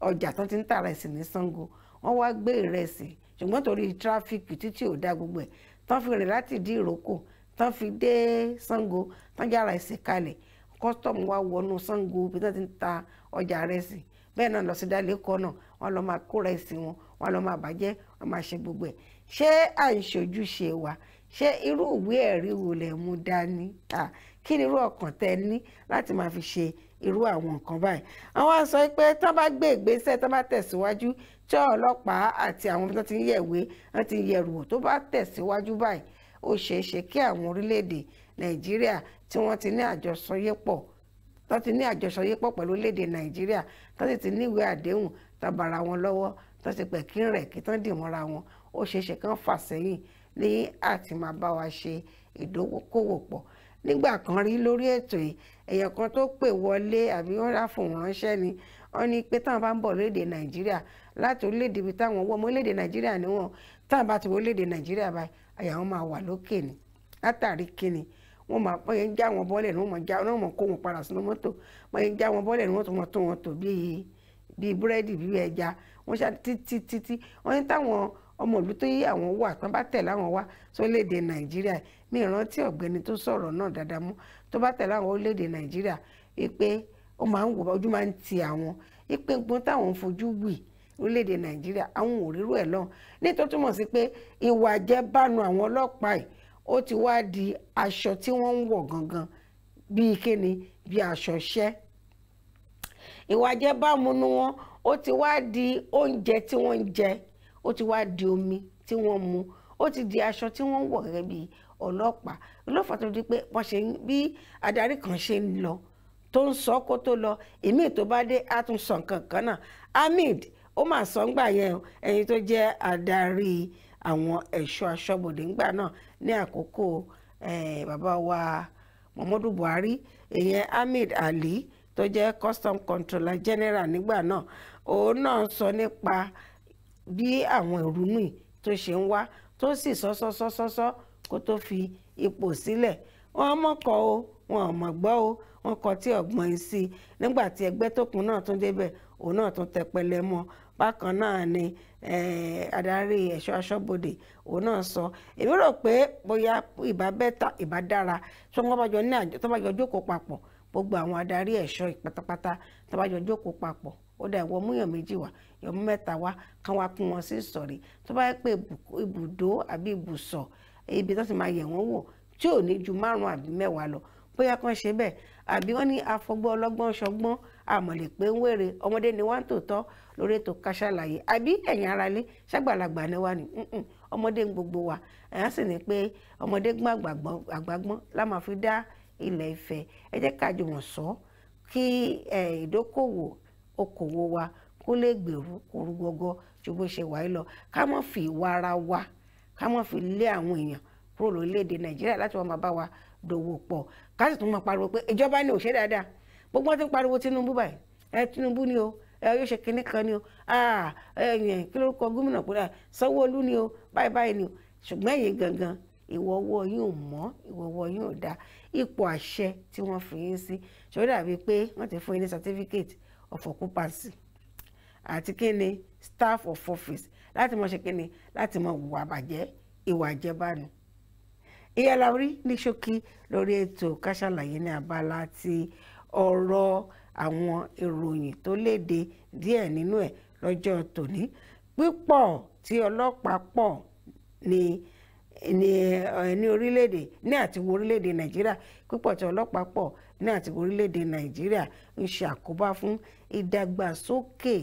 ọjà tó ti ń ta ìrẹsì ní Sango wọ́n wá gbé ìrẹsì ṣùgbọ́n torí tírafíkì títí ò dá gbogbo ẹ̀ tán fi rìn láti dí ìrókò tán fi dé Sango tán já ìrẹsì kalẹ̀ kọ́sítọ́ọ̀mù wá wọnú Sango bí tán ti ń ta ọjà ìrẹsì bẹ́ẹ̀ náà lọ sí dálẹ́kọ̀ọ́ náà wọ́n lọ máa kó ìrẹsì wọn wọ́n lọ máa bàjẹ́ wọ́n máa ṣe gbogbo ẹ̀ ṣé à ń ṣojúṣe wa ṣé irú ìwé ẹ̀rí wo lè mú dání kí ni irú ọkàn tẹ ní láti máa fi ṣe irú àwọn nǹkan báyìí àwọn sọ pé tó bá gbé ìgbésẹ̀ tó bá tẹ̀síwájú tí ọlọ́pàá àti àwọn tó ti ń yẹ̀wé wọ́n ti yẹ̀rù wò tó bá tẹ̀síwájú báyìí ó ṣeé ṣe kí àwọn orílẹ̀-èdè nàìjíríà tí wọ́n ti ní àjọsọyépọ̀ tó ti ní àjọsọyépọ̀ pẹ̀lú orílẹ̀-èdè nàìjíríà tó sì ti níwèé àdéhùn tabara wọn lọ́wọ́ tó ti pẹ̀ kí rẹ̀ kí tán dì mọ́ra wọn ó ṣeé ṣe kán fà sẹ́yìn ní àti máa bá wa ṣe ìdókòwò pọ̀ nígbà kan rí lórí ètò yìí èèyàn kan tó pè wọlé àbí wọ́n rà fún ránṣẹ́ ni wọ́n ní pé táwọn bá ń bọ̀ lórílẹ̀‐èdè nàìjíríà láti orílẹ̀‐èdè ibi táwọn wọ́ ọmọ orílẹ̀‐èdè nàìjíríà ni wọ́n táwọn bá ti wọ orílẹ̀‐èdè nàìjíríà báyìí àyà wọn máa wà lókè ni látàrí kíni wọ́n máa pọ́n yẹn já wọn bọ́lẹ̀ ni wọ́n máa já wọn máa kó wọn padà sínú mọ́tò pọ́n yẹn já wọn bọ́lẹ̀ ni wọ́n tún wọn tó wọn tò bíi bíi búrẹ́dì bíi ẹja wọ́n ṣá títí títí wọ́n ní táwọn ọmọ ìlú tó yí àwọn wà tán bá tẹ̀lé àwọn wá sórílẹ̀-èdè nàìjíríà mi ìrántí ọ̀gbẹ́ni tó sọ̀rọ̀ náà dáadáa mú tó bá tẹ̀lé àwọn orílẹ̀-èdè nàìjíríà pé ó máa ń wò ojú máa ń ti àwọn pé gbọ́n táwọn ń fojú wì orílẹ̀-èdè nàìjíríà àwọn ò rírò ẹ̀ lọ́hùn nítorí túmọ̀ sí pé ìwà àjẹbánu àwọn ọlọ́pàá yìí ó ti wá di aṣọ tí wọ́n ń wọ̀ gangan bíi kíni bíi aṣọ iṣẹ́ ìwà àjẹbánu wọn ó ti wá di oúnjẹ tí wọ́n ń jẹ ó ti wá di omi tí wọ́n mu ó ti di aṣọ tí wọ́n wọ̀ gẹ́gẹ́ bí ọlọ́pàá olófà tó di pé wọ́n ṣe bí adarí kan ṣe ń lọ tó ń sọ kó tó lọ èmi tó bá dé á tún sọ nǹkan kan náà Hamid ó mà sọ ńgbà yẹn ẹni tó jẹ́ adarí àwọn ẹ̀ṣọ́ aṣọ́bodè ńgbà náà ní àkókò bàbá wa Muhammadu Buhari ìyẹn Hamid Ali tó jẹ́ custom controller general nígbà náà òun náà sọ nípa bí àwọn ìrònú yìí tó ṣe ń wá tó sì sọ́sọ́sọ́sọ́ kó tó fi ipò sílẹ̀ wọ́n mọ̀kọ́ o wọn ò mọ̀ gbọ́ o wọn kọ tí ọgbọ́n yìí sí i nígbà tí ẹgbẹ́ tó kún náà tún débẹ̀ òun náà tún tẹpẹlẹ mọ́ bákan náà ni adarí ẹ̀ṣọ́ aṣọ́bodè òun náà sọ èmi rò pé bóyá ìbá bẹ́ta ìbá dára tí wọ́n bá jọ ní àjọ tó bá jọ jókòó papọ̀ gbogbo àwọn adarí ẹ̀ṣọ́ pátápátá tó bá jọ jókòó papọ̀ ó dà ìwọ múyàn méjì wá ìyọmú mẹ́ta wá kán wá pín wọn sí ìsọ̀rí tó bá yẹ pé ibùdó àbí ibùsọ̀ ibi tó ti máa yẹ̀ wọ́n wò tí ò ní ju márùn àbí mẹ́wàá lọ bóyá kán ṣe bẹ́ẹ̀ àbí wọ́n ní afọgbọ́n ọlọ́gbọ́n ṣọgbọ́n àmọ̀lè pé ń wèrè ọmọdé ni wá ń tòótọ́ lórí ètò Ká àbí ẹ̀yin ara ṣàgbàlagbà ni wá ni ọmọdé ń gbogbo wa ẹ̀yán sì ní pé ọmọdé gbọ́n àgbàgbọ́n la máa fi dá Ilẹ̀ Ifẹ̀ ẹ jẹ́ ká jùmọ̀ sọ kí ìdókòwò okòwò wa kó lè gbèrú kó rú gọ́gọ́ ju bó ṣe wáyé lọ ká má fi ìwà wa ká má fi lé àwọn èèyàn kúrò lórílẹ̀‐èdè nàìjíríà láti wọ́n máa bá wa dòwò pọ̀ ká sì tún máa pariwo pé ìjọba ni ò ṣe dáadáa gbogbo ti ń pariwo tinubu báyìí ẹ tinubu ni o ẹ yóò ṣe kinní kan ni o ẹyìn kí lórúkọ gómìnà kúrẹ́ sanwó ni o báyìí báyìí ni o ṣùgbọ́n èyí gangan ìwọ ọwọ́ yín ò mọ́ ìwọ ọwọ́ yín ò dáa ipò àṣẹ tí wọ́n fi yín sí ṣòro dàbí pé wọ́n ti fún yín ní certificate of occupancy àti kíni staff of office láti mọ̀ ṣe kíni láti mọ̀ wùwà bàjẹ́ ìwà àjẹbánu ìyá lawrí ní ṣókí lórí ètò Ká Sálàyé ní abala ti ọ̀rọ̀ àwọn ìròyìn tó léde díẹ̀ nínú ẹ̀ lọ́jọ́ tòní pípọ̀ tí ọlọ́pàá pọ̀ ní eh, ní orílẹ̀-èdè ní àtiwọ́ orílẹ̀-èdè Nàìjíríà pípọ̀ tí ọlọ́pàá pọ̀ ní àti orílẹ̀-èdè nàìjíríà ń ṣe àkóbá fún ìdàgbàsókè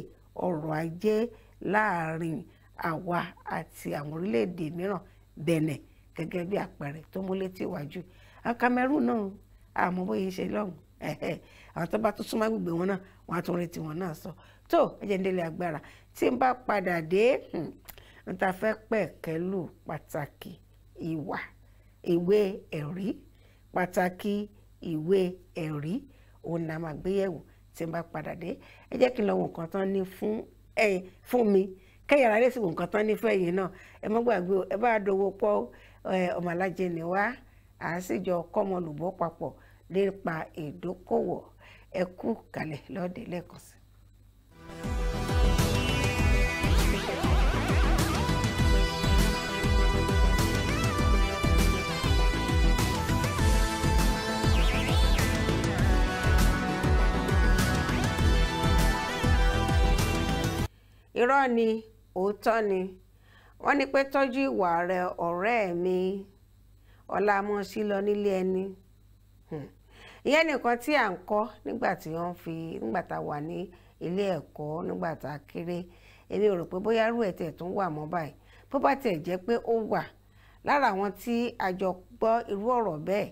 ọrọ̀ ajé láàrin àwa àti àwọn orílẹ̀-èdè mìíràn bẹ̀nẹ̀ gẹ́gẹ́ bí àpẹẹrẹ tó múlé tí wájú Cameroon náà àmọ́ bóyá ṣe lọ́hùn àwọn tó bá tún súnmọ́ gbogbo wọn náà wọn á tún retí wọn náà sọ tó ẹ̀jẹ̀ ń délé agbára tí n bá padà dé hmm, n ta fẹ́ pẹ̀kẹ́lù pàtàkì ìwà ìwé ẹ̀rí pàtàkì ìwà ìwé ẹ̀rí òun la máa gbé yẹ̀wò tí n bá padà dé ẹ jẹ́ kí n lọ wo nǹkan tán ní fún ẹ fún mi kẹ́yàrá lè sì wo nǹkan tán ní fún ẹ̀yin náà ẹ má gbàgbé o ẹ bá dowó pọ̀ ọmọ alájẹ ni wá à á sì jọ kọ́mọ lùbọ́ papọ̀ lépa ìdókòwò ẹ kú kalẹ̀ lọ́dẹ lẹ́ẹ̀kan sí. irọ́ ni òótọ́ ni wọ́n ní pé tọ́jú ìwà rẹ ọ̀rẹ́ mi ọ̀làmọ́sí lọ nílé ẹni hmm. ìyẹn nìkan tí à ń kọ́ nígbà tí wọ́n fi nígbà tá a wà ní ilé ẹ̀kọ́ nígbà tá a kéré èmi ò rò pé bóyá rú ẹ̀ tẹ̀ tó ń wà mọ́ báyìí bó bá tẹ̀ jẹ́ pé ó wà lára àwọn tí a jọ gbọ́ irú ọ̀rọ̀ bẹ́ẹ̀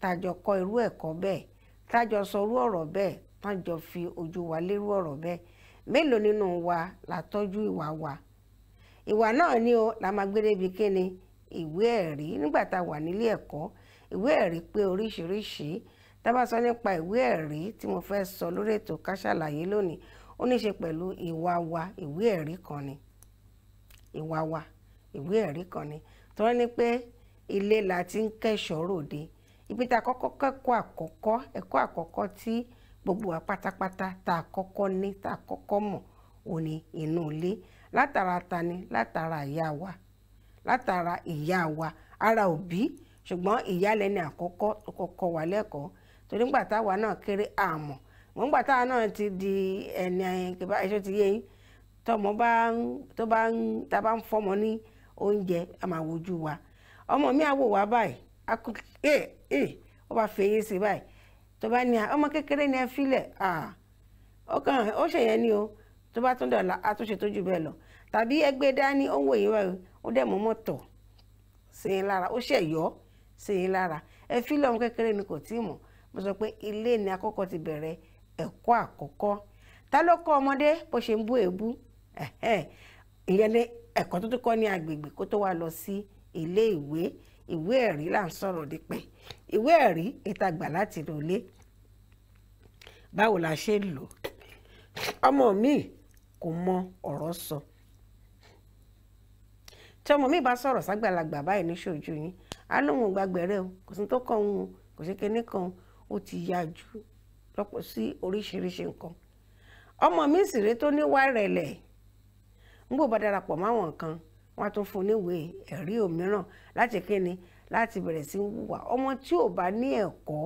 tá a jọ kọ́ irú ẹ̀kọ́ bẹ́ẹ̀ tá a jọ sọ irú ọ̀rọ̀ bẹ́ẹ̀ tá a jọ fi ojú wa lérú ọ̀rọ̀ bẹ́ẹ̀ mélòó nínú wa la tọ́jú ìwà wa ìwà náà ni ó la máa gbé débi kíni ìwé ẹ̀rí nígbà tá a wà nílé ẹ̀kọ́ ìwé ẹ̀rí pé oríṣiríṣi tá a bá sọ nípa ìwé ẹ̀rí tí mo fẹ́ sọ lórí ètò ká lónìí ó ní ṣe pẹ̀lú ìwà wa ìwé ẹ̀rí kan ni ìwà wa ìwé ẹ̀rí kan ni tọ́wọ́ ni pé ilé la ti ń kẹ́ṣọ̀ọ́ ròde ibi tá a àkọ́kọ́ ẹ̀kọ́ àkọ́kọ́ tí gbogbo wa pátápátá tá a kọ́kọ́ ní tá a kọ́kọ́ mọ̀ òní inú ilé látara tani látara ìyá wa látara ìyá wa ara òbí ṣùgbọ́n ìyá lẹni àkọ́kọ́ tó kọ́kọ́ wà lẹ́kọ̀ọ́ torí ńgbà táwa náà kéré àmọ́ wọ́n gbà táwa náà ti di ẹni kìbá ẹṣọ́ ti yé yín tọmọ bá ń tó bá ń ta bá ń fọmọ ní oúnjẹ a wa ọmọ mi àwò wá báyìí a kò ẹ ẹ ó bá fẹyín sí báyìí tó bá ní ọmọ kékeré ni ẹ filẹ̀ ọkàn ó ṣèyẹn ni o tó bá tún dọ̀la àtúnṣe tó jù bẹ́ẹ̀ lọ tàbí ẹgbẹ́ dání ó ń wò yín báyìí ó dẹ̀ mọ́ mọ́tọ̀ sí lára ó ṣẹ̀yọ́ sí i lára ẹ filẹ̀ ọmọ kékeré ni kò tí ì mọ̀ mo sọ pé ilé ni àkọ́kọ́ ti bẹ̀rẹ̀ ẹ̀kọ́ àkọ́kọ́ ta ló kọ́ ọmọdé bó ṣe ń bú èébú ìyẹn ni ẹ̀kọ́ tó tún kọ́ ní agbègbè kó tó wá lọ sí ilé ìwé ìwé ẹ̀rí là ń sọ̀rọ̀ dípẹ́ ìwé ẹ̀rí ìtagbà láti inú ilé báwo la ṣe ń lò ọmọ mi kò mọ ọ̀rọ̀ sọ tí ọmọ mi bá sọ̀rọ̀ ságbàlagbà báyìí níṣojú yín á lóun gbàgbẹ́rẹ́ o kò sí tó kàn ń kò sí kinní kan ó ti yá ju lọ́pọ̀ sí oríṣiríṣi nǹkan ọmọ mi sì rèé tó níwá rẹ̀lẹ̀ ń gbò bá darapọ̀ máwọn nǹkan wọ́n á tún fún un níwèé ẹ̀rí òmíràn láti kíni láti bẹ̀rẹ̀ sí ń wùwà ọmọ tí ò bá ní ẹ̀kọ́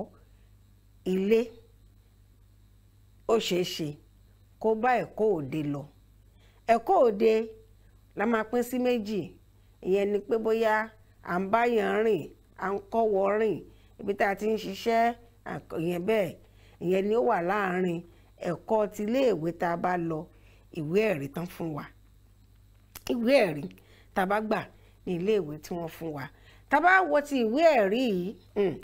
ilé ó ṣeé ṣe kó bá ẹ̀kọ́ òde lọ ẹ̀kọ́ òde la máa pín sí méjì ìyẹn ni pé bóyá à ń báyàn rìn à ń kọ́wọ́ rìn ibi tá a ti ń ṣiṣẹ́ ìyẹn bẹ́ẹ̀ ìyẹn ni ó wà láàárín ẹ̀kọ́ tiléèwé tá a bá lọ ìwé ẹ̀rí tán fún wa ìwé ẹ̀rí tá a bá gbà ní iléèwé tí wọ́n fún wa tá a bá wo ti ìwé ẹ̀rí yìí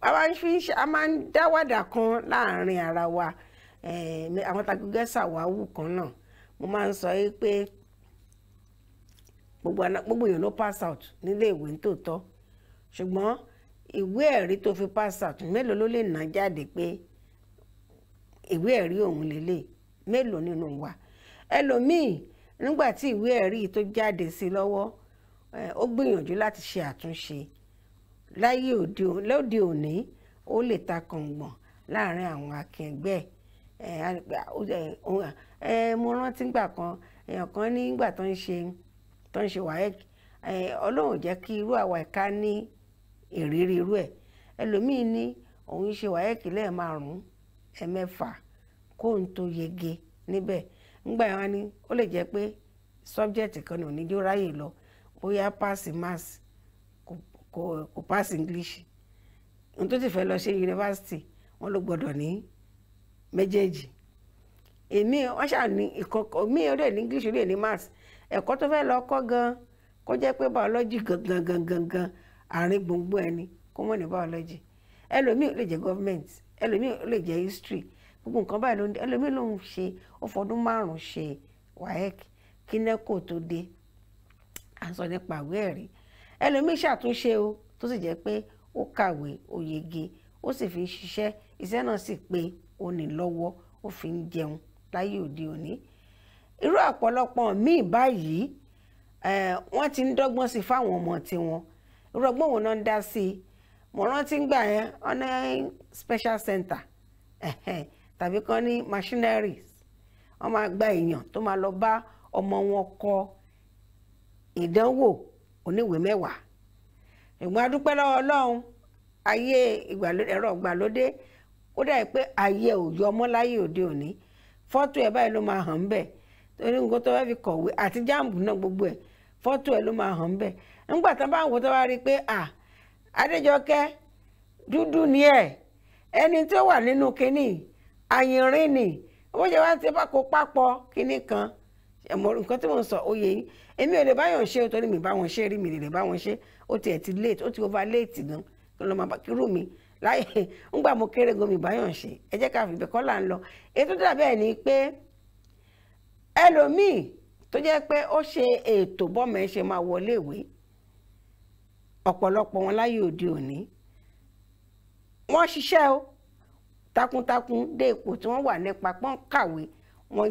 bàbá hmm, fi a máa ń dáwàdà kan láàrin ara wa àwọn tagogẹ́ ṣàwáwù kan náà mo máa ń sọ yìí pé gbogbo èèyàn ló pass out nílé ìwé ń tòótọ́ ṣùgbọ́n ìwé ẹ̀rí tó fi pass out mélòó ló lè ná jáde pé ìwé ẹ̀rí òun lélẹ̀ mélòó nínú wa ẹlòmíì nígbà tí ìwé ẹ̀rí tó jáde sí lọ́wọ́ ó gbìyànjú láti ṣe àtúnṣe láyé lóde òní ó lè ta kàngbọ̀n láàrin àwọn akẹgbẹ́ ẹ̀ mo rántí gbà kan èèyàn kan nígbà tó ń ṣe tó ń ṣe WAEC ọlọ́run jẹ́ kí irú àwa ẹ̀ka ní ìrírí irú ẹ̀ ẹlòmíì ní òun ṣe WAEC lẹ́ẹ̀márùn-ún ẹ̀mẹ́fà kóun tó yege níbẹ̀ ńgbà yẹn wá ní ó lè jẹ́ pé sọ́bjẹ́tì kan ní oníjó ráyè lọ bóyá pass mass kò kò kò pass english ohun tó ti fẹ́ lọ ṣe yunifásitì wọn ló gbọ́dọ̀ ní méjèèjì èmi wọn ṣáà ní ìkọkọ mi ò lè ní english ò lè ní maths ẹ̀kọ́ tó fẹ́ lọ kọ́ gan kó jẹ́ pé biology gangan gangan gan àárín gbùngbùn ẹni kó mọ̀ ní biology ẹlòmíì lè jẹ́ government ẹlòmíì lè jẹ́ history gbogbo nǹkan báyìí ló ń ẹlòmíì ló ń ṣe ó fọdún márùn-ún ṣe waec kí neco tó dé à ń sọ nípa ìwé ẹ̀rí ẹlòmíín ṣàtúnṣe o tó sì jẹ́ pé ó kàwé ó yege ó sì fi ṣiṣẹ́ iṣẹ́ náà sì pé ó ní lọ́wọ́ ó fi ń jẹun láyé òde òní irú ọ̀pọ̀lọpọ̀ míì báyìí wọ́n ti ń dọ́gbọ́n sí fáwọn ọmọ tiwọn irú ọgbọ́n wo náà ń dá sí i mo rántí gbà yẹn ọ̀nà special center tàbí kan ní machineries wọ́n máa gba èèyàn tó máa lọ bá ọmọ wọn kọ́ ìdánwò oníwèé mẹ́wàá ìgbọ́n adúpẹ́ lọ́wọ́ ọlọ́run ayé ẹ̀rọ ìgbàlódé ó dàbí pé ayé òòjọ́ ọmọláyé òde òní fọ́tò ẹ̀ báyìí ló máa hàn ń bẹ̀ torí nǹkan tó fẹ́ fi kọ̀wé àti jáàmù náà gbogbo ẹ̀ fọ́tò ẹ̀ ló máa hàn ń nígbà tán bá ń wò tó wá rí i pé à Adéjọkẹ́ dúdú ni ẹ̀ ẹni tó wà nínú kínní àyìnrín ni ó jẹ́ wá ti bá kó pápọ̀ kínní kan nǹkan tí mò ń sọ ó yẹ yín èmi ò lè báyọ̀ ṣe o torí mi bá wọn ṣe rí mi lè bá wọn ṣe ó tiẹ̀ ti late ó ti over late gan kí ló máa kírú mi láyé [laughs] ńgbà mo kéré gan mi báyọ̀ ṣe ẹ jẹ́ ká fi ibẹ̀ kọ́là ń lọ ètò tó dàbí ẹ̀ ni pé ẹlòmíì tó jẹ́ pé ó ṣe ètò bọ́ọ̀mù ẹ̀ ṣe máa wọlé ìwé ọ̀pọ̀lọpọ̀ wọn láyé òde òní wọ́n ṣiṣẹ́ o takuntakun dé ipò tí wọ́n wà nípa pọ́n kàwé wọ́n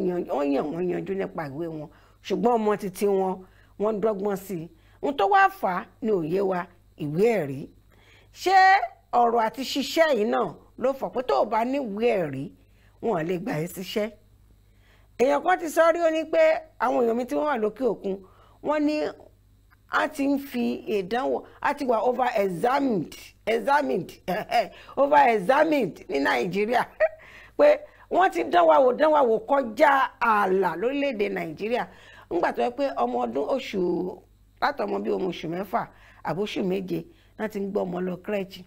yàn wọ́n yanjú nípa ìwé wọn ṣùgbọ́n ọmọ títí wọn wọ́n dọ́gbọ́n sí i ohun tó wáá fà á ni òye wa ìwé ẹ̀rí ṣé ọ̀rọ̀ àti ṣiṣẹ́ yìí náà ló fọ̀ pé tó o bá níwèé ẹ̀rí wọn lè gbà ẹ́ síṣẹ́ èèyàn kan ti sọ rí ó ní pé àwọn èèyàn mi tí wọ́n wà lókè òkun wọ́n ní a ti ń fi ìdánwò a ti wà over examined examined over examined ní nàìjíríà [laughs] pé wọ́n ti dánwàwò dánwàwò kọjá ààlà lórílẹ̀‐èdè nàìjíríà ńgbà tó yẹ pé ọmọ ọdún oṣù látọmọ bíi ọmọ oṣù mẹ́fà àbóṣù méje náà ti ń gbọ́ ọmọ lọ kírẹ́ẹ̀jì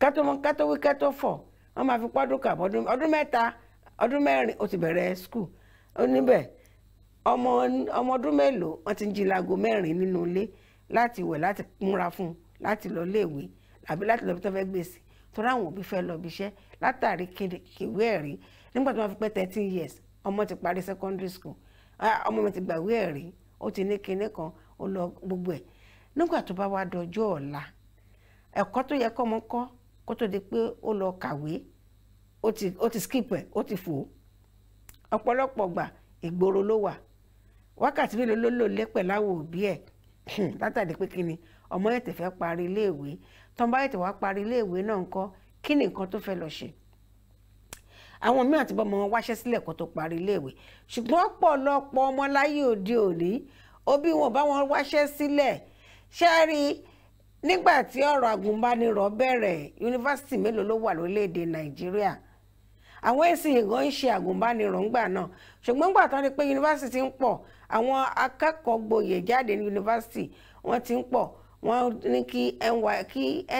kátó mọ kátó wí kátó fọ̀ wọ́n máa fi pọ́dún kà ọdún ọdún mẹ́ta ọdún mẹ́rin ó ti bẹ̀rẹ̀ skul ó níbẹ̀ ọmọ ọmọ ọdún mélòó wọ́n ti ń jí láago mẹ́rin nínú ilé láti wẹ̀ láti múra fún láti lọ léèwé àbí láti lọ bí tó fẹ́ gbé sí torí àwọn òbí fẹ́ lọ bí iṣẹ́ látàrí kèwé ẹ̀rí nígbà tó wọ́n fi pé thirteen years ọmọ ti parí secondary school Ah, ọmọ mi ti gbàwé ẹ̀rí ó ti ní kinní kan ó lọ gbogbo ẹ̀ nígbà tó bá wá dọjọ́ ọ̀la ẹ̀kọ́ tó yẹ kọ́ ọmọ kọ́ kó tó di pé ó lọ kàwé ó ti skip ẹ̀ ó ti fò ó ọ̀pọ̀lọpọ̀ gbà ìgboro ló wà wákàtí mélòó ló lò lépẹ̀ láwọn òbí ẹ̀ [clears throat] látàdí pé kí ni ọmọ yẹn ti fẹ́ parí iléèwé tọ́nbá yẹn ti wá parí iléèwé náà ńkọ́ kí ni nǹkan tó fẹ́ lọ ṣe àwọn mìíràn ti bọ́mọ wọn wáṣẹ́ sílẹ̀ kó tó parí iléèwé ṣùgbọ́n ọ̀pọ̀lọpọ̀ ọmọ láyé òde òní òbí wọn bá wọn wáṣẹ́ sílẹ̀ ṣe rí nígbà tí ọ̀rọ̀ àgùnbánirọ̀ bẹ̀rẹ̀ yunifásitì mélòó ló wà lórílẹ̀‐èdè nàìjíríà àwọn èsì ìgàn ń ṣe àgùnbánirọ̀ ńgbà náà ṣùgbọ́n ńgbà tán ni pé yunifásitì ń pọ̀ àwọn akẹ́kọ̀ọ́ gboyè jáde ní yunifásitì wọ́n ti ń pọ̀ wọ́n ní kí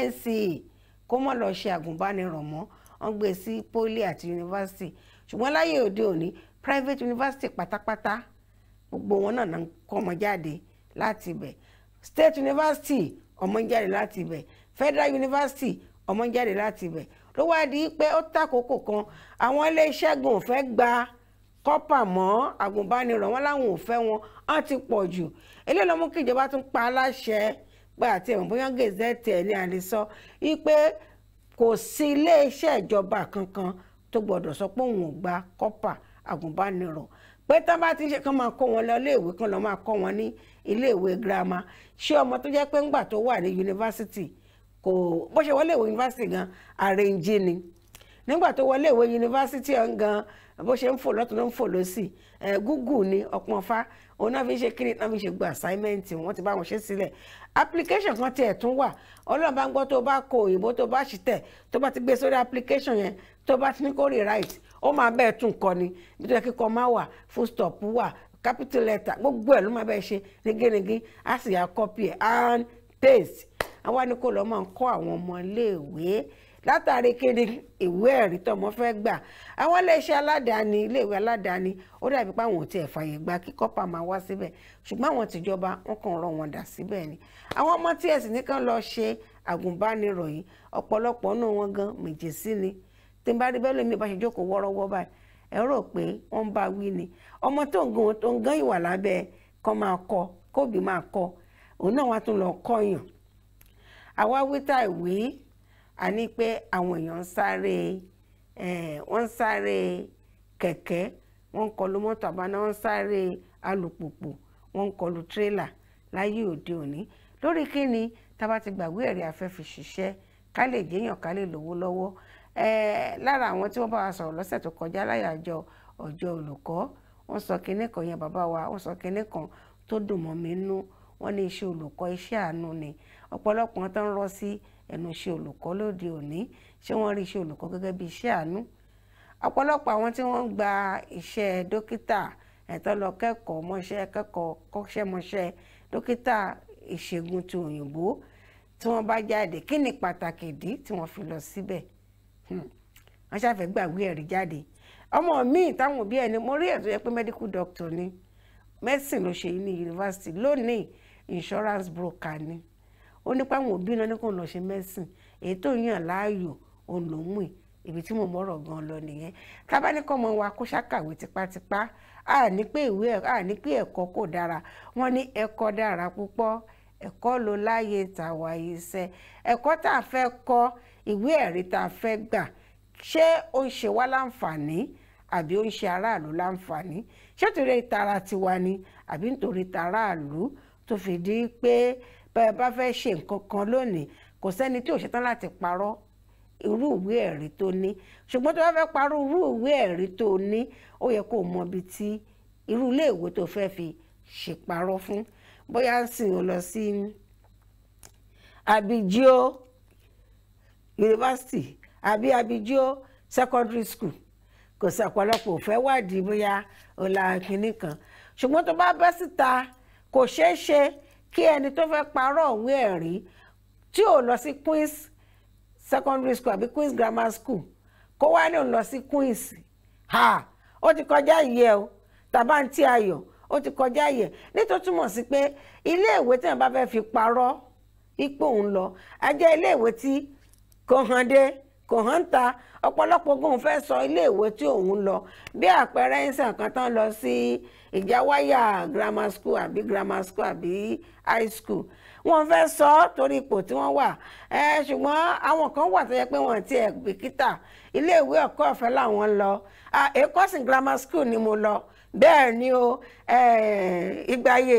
NCE kó mọ̀ lọ ṣe àgùnbánirọ̀ mọ́ wọ́n gbé sí poli àti yunifásitì ṣùgbọ́n láyé òde òní private university pátápátá gbogbo wọn náà ń kọ́ ọmọ jáde láti ibẹ̀ state university ọmọ ń jáde láti ibẹ̀ federal university ọmọ ń jáde láti ibẹ̀ ló wá di pé ó tàkókò kan àwọn iléeṣẹ́ gan ò fẹ́ gba kọ́pà mọ́ agùnbánirọ̀ wọn láwọn ò fẹ́ wọn á ti pọ̀ jù eléyìí ló mú kí ìjọba tún pa aláṣẹ pé àti ẹ̀wọ̀n bóyá gazette ẹ̀ ní àlesọ wípé kò sí iléeṣẹ́ ìjọba kankan tó gbọ́dọ̀ sọ pé òun ò gba kọ́pà àgùnbánirọ̀ pé tán bá ti ń ṣe kán máa kó wọn lọ iléèwé kan lọ́ọ́ máa kọ́ wọn ní iléèwé girama ṣé ọmọ tó jẹ́ pé ńgbà tó wà ní yunifásitì kò bó ṣe wọlé ìwé yunifásitì gan àrèǹjì ni nígbà tó wọlé ìwé yunifásitì gan bó ṣe ń fò lọ́tún ló ń fò lọ́sì Eh, google ni ọpọ́nfà òun náà fi ṣe kíni náà fi ṣe gba assignment wọn ti bá wọn ṣe sílẹ̀ application kan tiẹ̀ tún wà ọlọ́run bá ń gbọ́ tó bá kọ òyìnbó tó bá ṣìtẹ̀ tó bá ti gbé sórí application yẹn tó bá ti ní kó rewrite ó máa bẹ́ẹ̀ tún kọ ni nítorí kíkọ máa wà full stop wà capital letter gbogbo ẹ̀ ló máa bẹ́ẹ̀ ṣe nígínnígí a sì yà copy and paste àwa ni kò lọ́ máa ń kọ́ àwọn ọmọ iléèwé látàrí kéde ìwé ẹ̀rí tọmọ fẹ́ gbà àwọn iléeṣẹ́ aládàáni iléèwé aládàáni ó dàbí pé àwọn ò tiẹ̀ fààyè gba kí kọ́pà máa wá síbẹ̀ ṣùgbọ́n àwọn tìjọba wọn kàn rọ wọn dà síbẹ̀ ni àwọn ọmọ tí ẹ̀sìn nìkan lọ ṣe àgùnbánirọ̀ yìí ọ̀pọ̀lọpọ̀ náà wọn gan méje sí ni tí n bá rí bẹ́ẹ̀ lómi bá jókòó wọ́rọ́wọ́ báyìí ẹ rò pé wọ́n bá wí a ní pé àwọn èèyàn ń sáré eh, wọ́n ń sáré kẹ̀kẹ́ wọ́n ń kọlu mọ́tò àbáná wọ́n ń sáré alùpùpù wọ́n ń kọlu tírélà láyé òde òní lórí kíni tá a bá ti gbàgbé ẹ̀rí afẹ́fẹ́ ṣiṣẹ́ ká lè jẹ́yàn ká lè lówó lọ́wọ́ eh, lára àwọn tí wọ́n bá wa sọ̀rọ̀ lọ́sẹ̀ tó kọjá láyàjọ ọjọ́ olùkọ́ wọ́n sọ kinní kan yẹn bàbá wa wọ́n sọ kinní kan tó dùn mọ́ mi nú wọ́n ní iṣẹ́ olùkọ́ iṣẹ́ àánú ni ọ̀pọ̀lọpọ̀ tó ń rọ́ sí ẹnu iṣẹ́ olùkọ́ lóde òní ṣé wọ́n rí iṣẹ́ olùkọ́ gẹ́gẹ́ bí iṣẹ́ àánú ọ̀pọ̀lọpọ̀ àwọn tí wọ́n ń gba iṣẹ́ dókítà ẹ̀tọ́ lọ kẹ́kọ̀ọ́ mọ́ṣẹ́ kẹ́kọ̀ọ́ kọ́ṣẹ́mọṣẹ́ dókítà ìṣègùn ti òyìnbó tí wọ́n bá jáde kí ni pàtàkì ìdí tí wọ́n fi lọ síbẹ̀ hmm, wọ́n ṣàfẹ́ gbàgbé ẹ̀rí jáde ọmọ míì táwọn òbí ẹ̀ ni mo rí ẹ̀ yẹ pé medical doctor ni medicine ló ṣe ní yunifásitì lónìí insurance broker ni ó nípa àwọn òbí náà ní kò lọ ṣe mẹ́sìn èyí tó yàn láàyò òun ló mú ibi tí mo mọ̀rọ̀ gan lọ nìyẹn tábà ní kọ́mọ wa kó ṣàkàwé tipátipá a ní pé ìwé a ní pé ẹ̀kọ́ kò dára wọ́n ní ẹ̀kọ́ dára púpọ̀ ẹ̀kọ́ ló láyé tàwa iṣẹ́ ẹ̀kọ́ tá a fẹ́ kọ́ ìwé ẹ̀rí tá a fẹ́ gbà ṣé ó ń ṣe wá láǹfààní àbí ó ń ṣe aráàlú láǹfààní ṣé torí tara tiwa ni àbí nítorí tara àlú tó fi di pé bẹ́ẹ̀ bá fẹ́ ṣe nǹkan kan lónìí kò sẹ́ni tí ò ṣetán láti parọ́ irú ìwé ẹ̀rí tó ní ṣùgbọ́n tó bá fẹ́ parọ́ irú ìwé ẹ̀rí tó ní ó yẹ kó mọ ibi tí irú ilé ìwé tó fẹ́ fi ṣèparọ́ fún bóyá ń sìn ó lọ sí Abijio University àbí Abidjo Secondary School kò sí ọ̀pọ̀lọpọ̀ òfẹ́ wádìí bóyá ọ̀la kìnnìkan ṣùgbọ́n tó bá bẹ́ síta kò ṣeé ṣe kí ẹni tó fẹ́ parọ́ òun ẹ̀rí tí ò lọ sí Queen's secondary school àbí Queen's grammar school kó wá ní òun lọ sí Queen's ha ó ti kọjá ìyẹ o tàbá ń tí ayọ̀ ó ti kọjá ìyẹ nítorí túmọ̀ sí pé iléèwé tí wọn bá fẹ́ fi parọ́ ipò òun lọ a jẹ́ iléèwé tí kò hàn dé kò hàn ta ọ̀pọ̀lọpọ̀ gòun fẹ́ sọ iléèwé tí òun lọ bí àpẹẹrẹ ń sàn kan tán lọ sí. Si, ìjà wáyà grammar school àbí grammar school àbí high school wọ́n fẹ́ sọ ọ́ torí ipò tí wọ́n wà ẹ ṣùgbọ́n àwọn kan wà tó yẹ pé wọ́n ti ẹ̀ bìkítà iléèwé ọ̀kọ́ ọ̀fẹ́ làwọn lọ èkọ́sìn grammar school ni mo lọ bẹ́ẹ̀ ni o ìgbàyè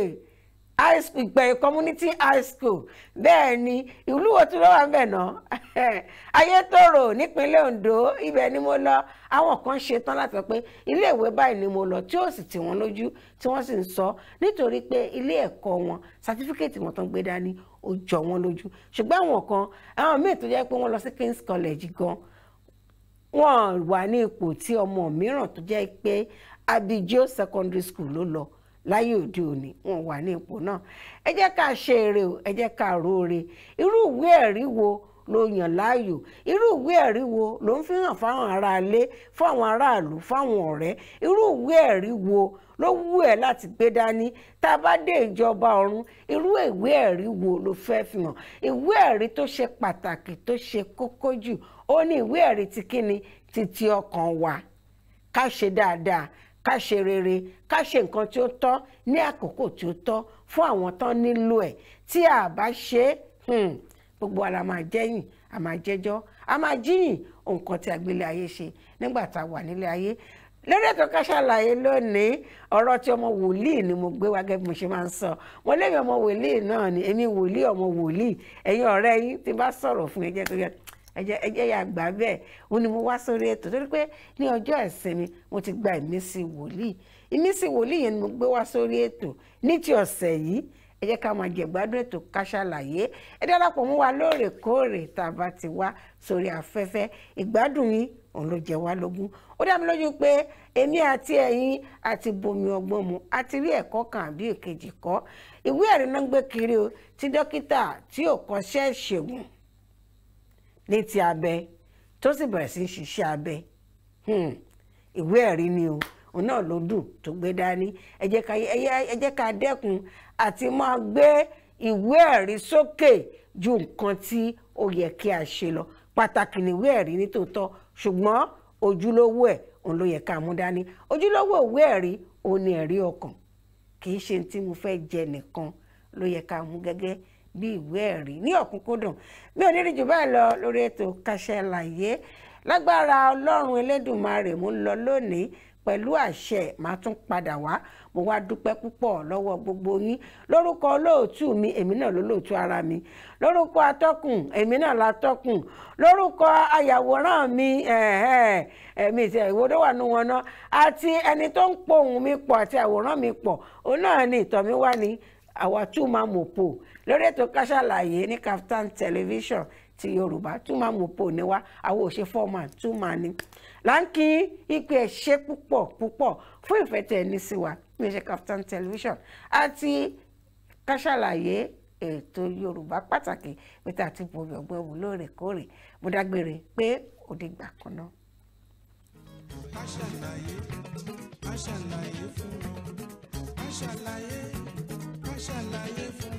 high school ìgbàyè community high school bẹ́ẹ̀ ni ìlú wo tún lọ́wọ́ ń bẹ̀ náà [laughs] ayétòrò nípínlẹ̀ Ondo ibẹ̀ ni mo lọ àwọn kan ṣe tán láti sọ pé ilé ìwé báyìí ni mo lọ tí ó sì tì wọ́n lójú tí wọ́n sì ń sọ nítorí pé ilé ẹ̀kọ́ wọn sátífíkẹ́ẹ̀tì wọn tán gbé dání ó jọ wọn lójú ṣùgbọ́n àwọn kan àwọn míì tó jẹ́ pé wọ́n lọ sí King's College gan wọ́n wà ní ipò tí ọmọ mìíràn tó jẹ́ pé Abijio Secondary School ló lọ láyé òde òní wọn wà ní ipò náà ẹ jẹ́ ká ṣe eré o ẹ jẹ́ ká róore irú ìwé ẹ̀rí wo ló yàn láàyò irú ìwé ẹ̀rí wo ló ń fi hàn fáwọn aráalé fáwọn aráàlú fáwọn ọ̀rẹ́ irú ìwé ẹ̀rí wo ló wù ẹ́ láti gbé dání tá a bá dé ìjọba ọ̀run irú ìwé ẹ̀rí wo ló fẹ́ fi hàn ìwé ẹ̀rí tó ṣe pàtàkì tó ṣe kókó jù ó ní ìwé ẹ̀rí ti kíni títí ọkàn wa ká ṣe dáadáa ká ṣe rere ká ṣe nǹkan tí ó tọ́ ní àkókò tí ó tọ́ fún àwọn tán nílò ẹ̀ tí a bá ṣe é hmm, gbogbo ara máa jẹ́yìn a máa jẹ́jọ́ a máa jíyìn nǹkan tí agbélé ayé ṣe nígbà tá a wà nílé ayé lórí ètò lónìí ọ̀rọ̀ tí ọmọ wòlíì ni mo gbé wá gẹ́gẹ́ bí mo ṣe máa ń sọ mo léyìn ọmọ wòlíì náà ni èmi wòlíì ọmọ wòlíì ẹ̀yin ọ̀rẹ́ yín tí bá sọ̀rọ̀ fún ẹjẹ́ tó yẹ ẹjẹ́ yà gbà bẹ́ẹ̀ òun ni mo wá sórí ètò torí pé ní ọjọ́ ìsinmi mo ti gba ìmísí wòlíì ìmísí wòlíì yẹn ni mo gbé wá sórí ètò ní ti ọ̀sẹ̀ yìí ẹ jẹ́ ká máa jẹ̀gbádùn ètò ká ṣàlàyé ẹ darapọ̀ mú wa lóòrèkóòrè tá a bá ti wá sórí afẹ́fẹ́ ìgbádùn yín òun ló jẹ wá lógún ó dá mi lójú pé èmi àti ẹ̀yin àti bomi ọgbọ́n mu àti rí ẹ̀kọ́ kan àbí èkejì kọ́ ìwé ẹ̀rí náà ń gbé kiri o ti dókítà tí ò kọ́ṣẹ́ ìṣègùn ní abẹ tó sì bẹ̀rẹ̀ sí í ṣiṣẹ́ abẹ hmm, ìwé ẹ̀rí ni o òun náà ló dùn tó gbé dání ẹ ká dẹ́kun àti máa gbé ìwé ẹ̀rí sókè ju nǹkan tí ó yẹ kí a ṣe lọ pàtàkì ni ìwé ẹ̀rí nítòótọ́ ṣùgbọ́n ojúlówó ẹ̀ òun ló yẹ ká mú dání ojúlówó ìwé ẹ̀rí òun ni ẹ̀rí ọkàn kì í ṣe tí mo fẹ́ jẹ nìkan ló yẹ ká mú gẹ́gẹ́ bí ìwé ẹ̀rí ní ọ̀kúnkúndùn mi ò ní rí jù báyìí lọ lórí ètò Ká Ṣàlàyé lágbára Ọlọ́run Elédùmarè mú lọ lónìí pẹ̀lú àṣẹ màá tún padà wá mo wá dúpẹ́ púpọ̀ lọ́wọ́ gbogbo yín lórúkọ olóòtú mi èmi náà lólóòtú ara mi lórúkọ atọ́kùn èmi náà látọ́kùn lórúkọ ayàwòrán mi èmi ìṣe ìwòdó wà nù wọn náà àti ẹni tó ń po ohùn mi pọ̀ àti àwòrán mi pọ̀ òun náà ni ìtàn mi wá ní àwa tún máa lórí ètò Ká ní Kaftan television ti yorùbá túmọ̀ mọ̀pọ̀ ní wa àwọn òṣè fọ́ọ̀mà túmọ̀ ni láǹkì ìpè ẹ̀ ṣe púpọ̀ púpọ̀ fún ìfẹ́ tẹ̀ ní sí wa níṣẹ́ Kaftan television àti ká ṣàlàyé ètò yorùbá pàtàkì pété àti bomi ọgbọ́n wò lóòrèkóòrè mo dágbére pé ó dìgbà kan náà. a ṣàlàyé fún wọn a ṣàlàyé fún wọn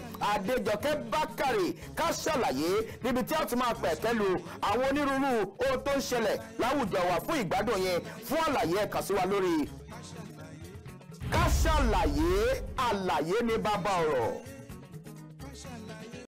Adéjọkẹ́ Bákàrè ká ṣàlàyé níbi tí a ti máa pẹ̀kẹ́ lu àwọn onírúurú ohun tó ń ṣẹlẹ̀ láwùjọ wa fún ìgbádùn yẹn fún àlàyé ẹ sí wa lórí ká ṣàlàyé àlàyé ní bàbá ọ̀rọ̀.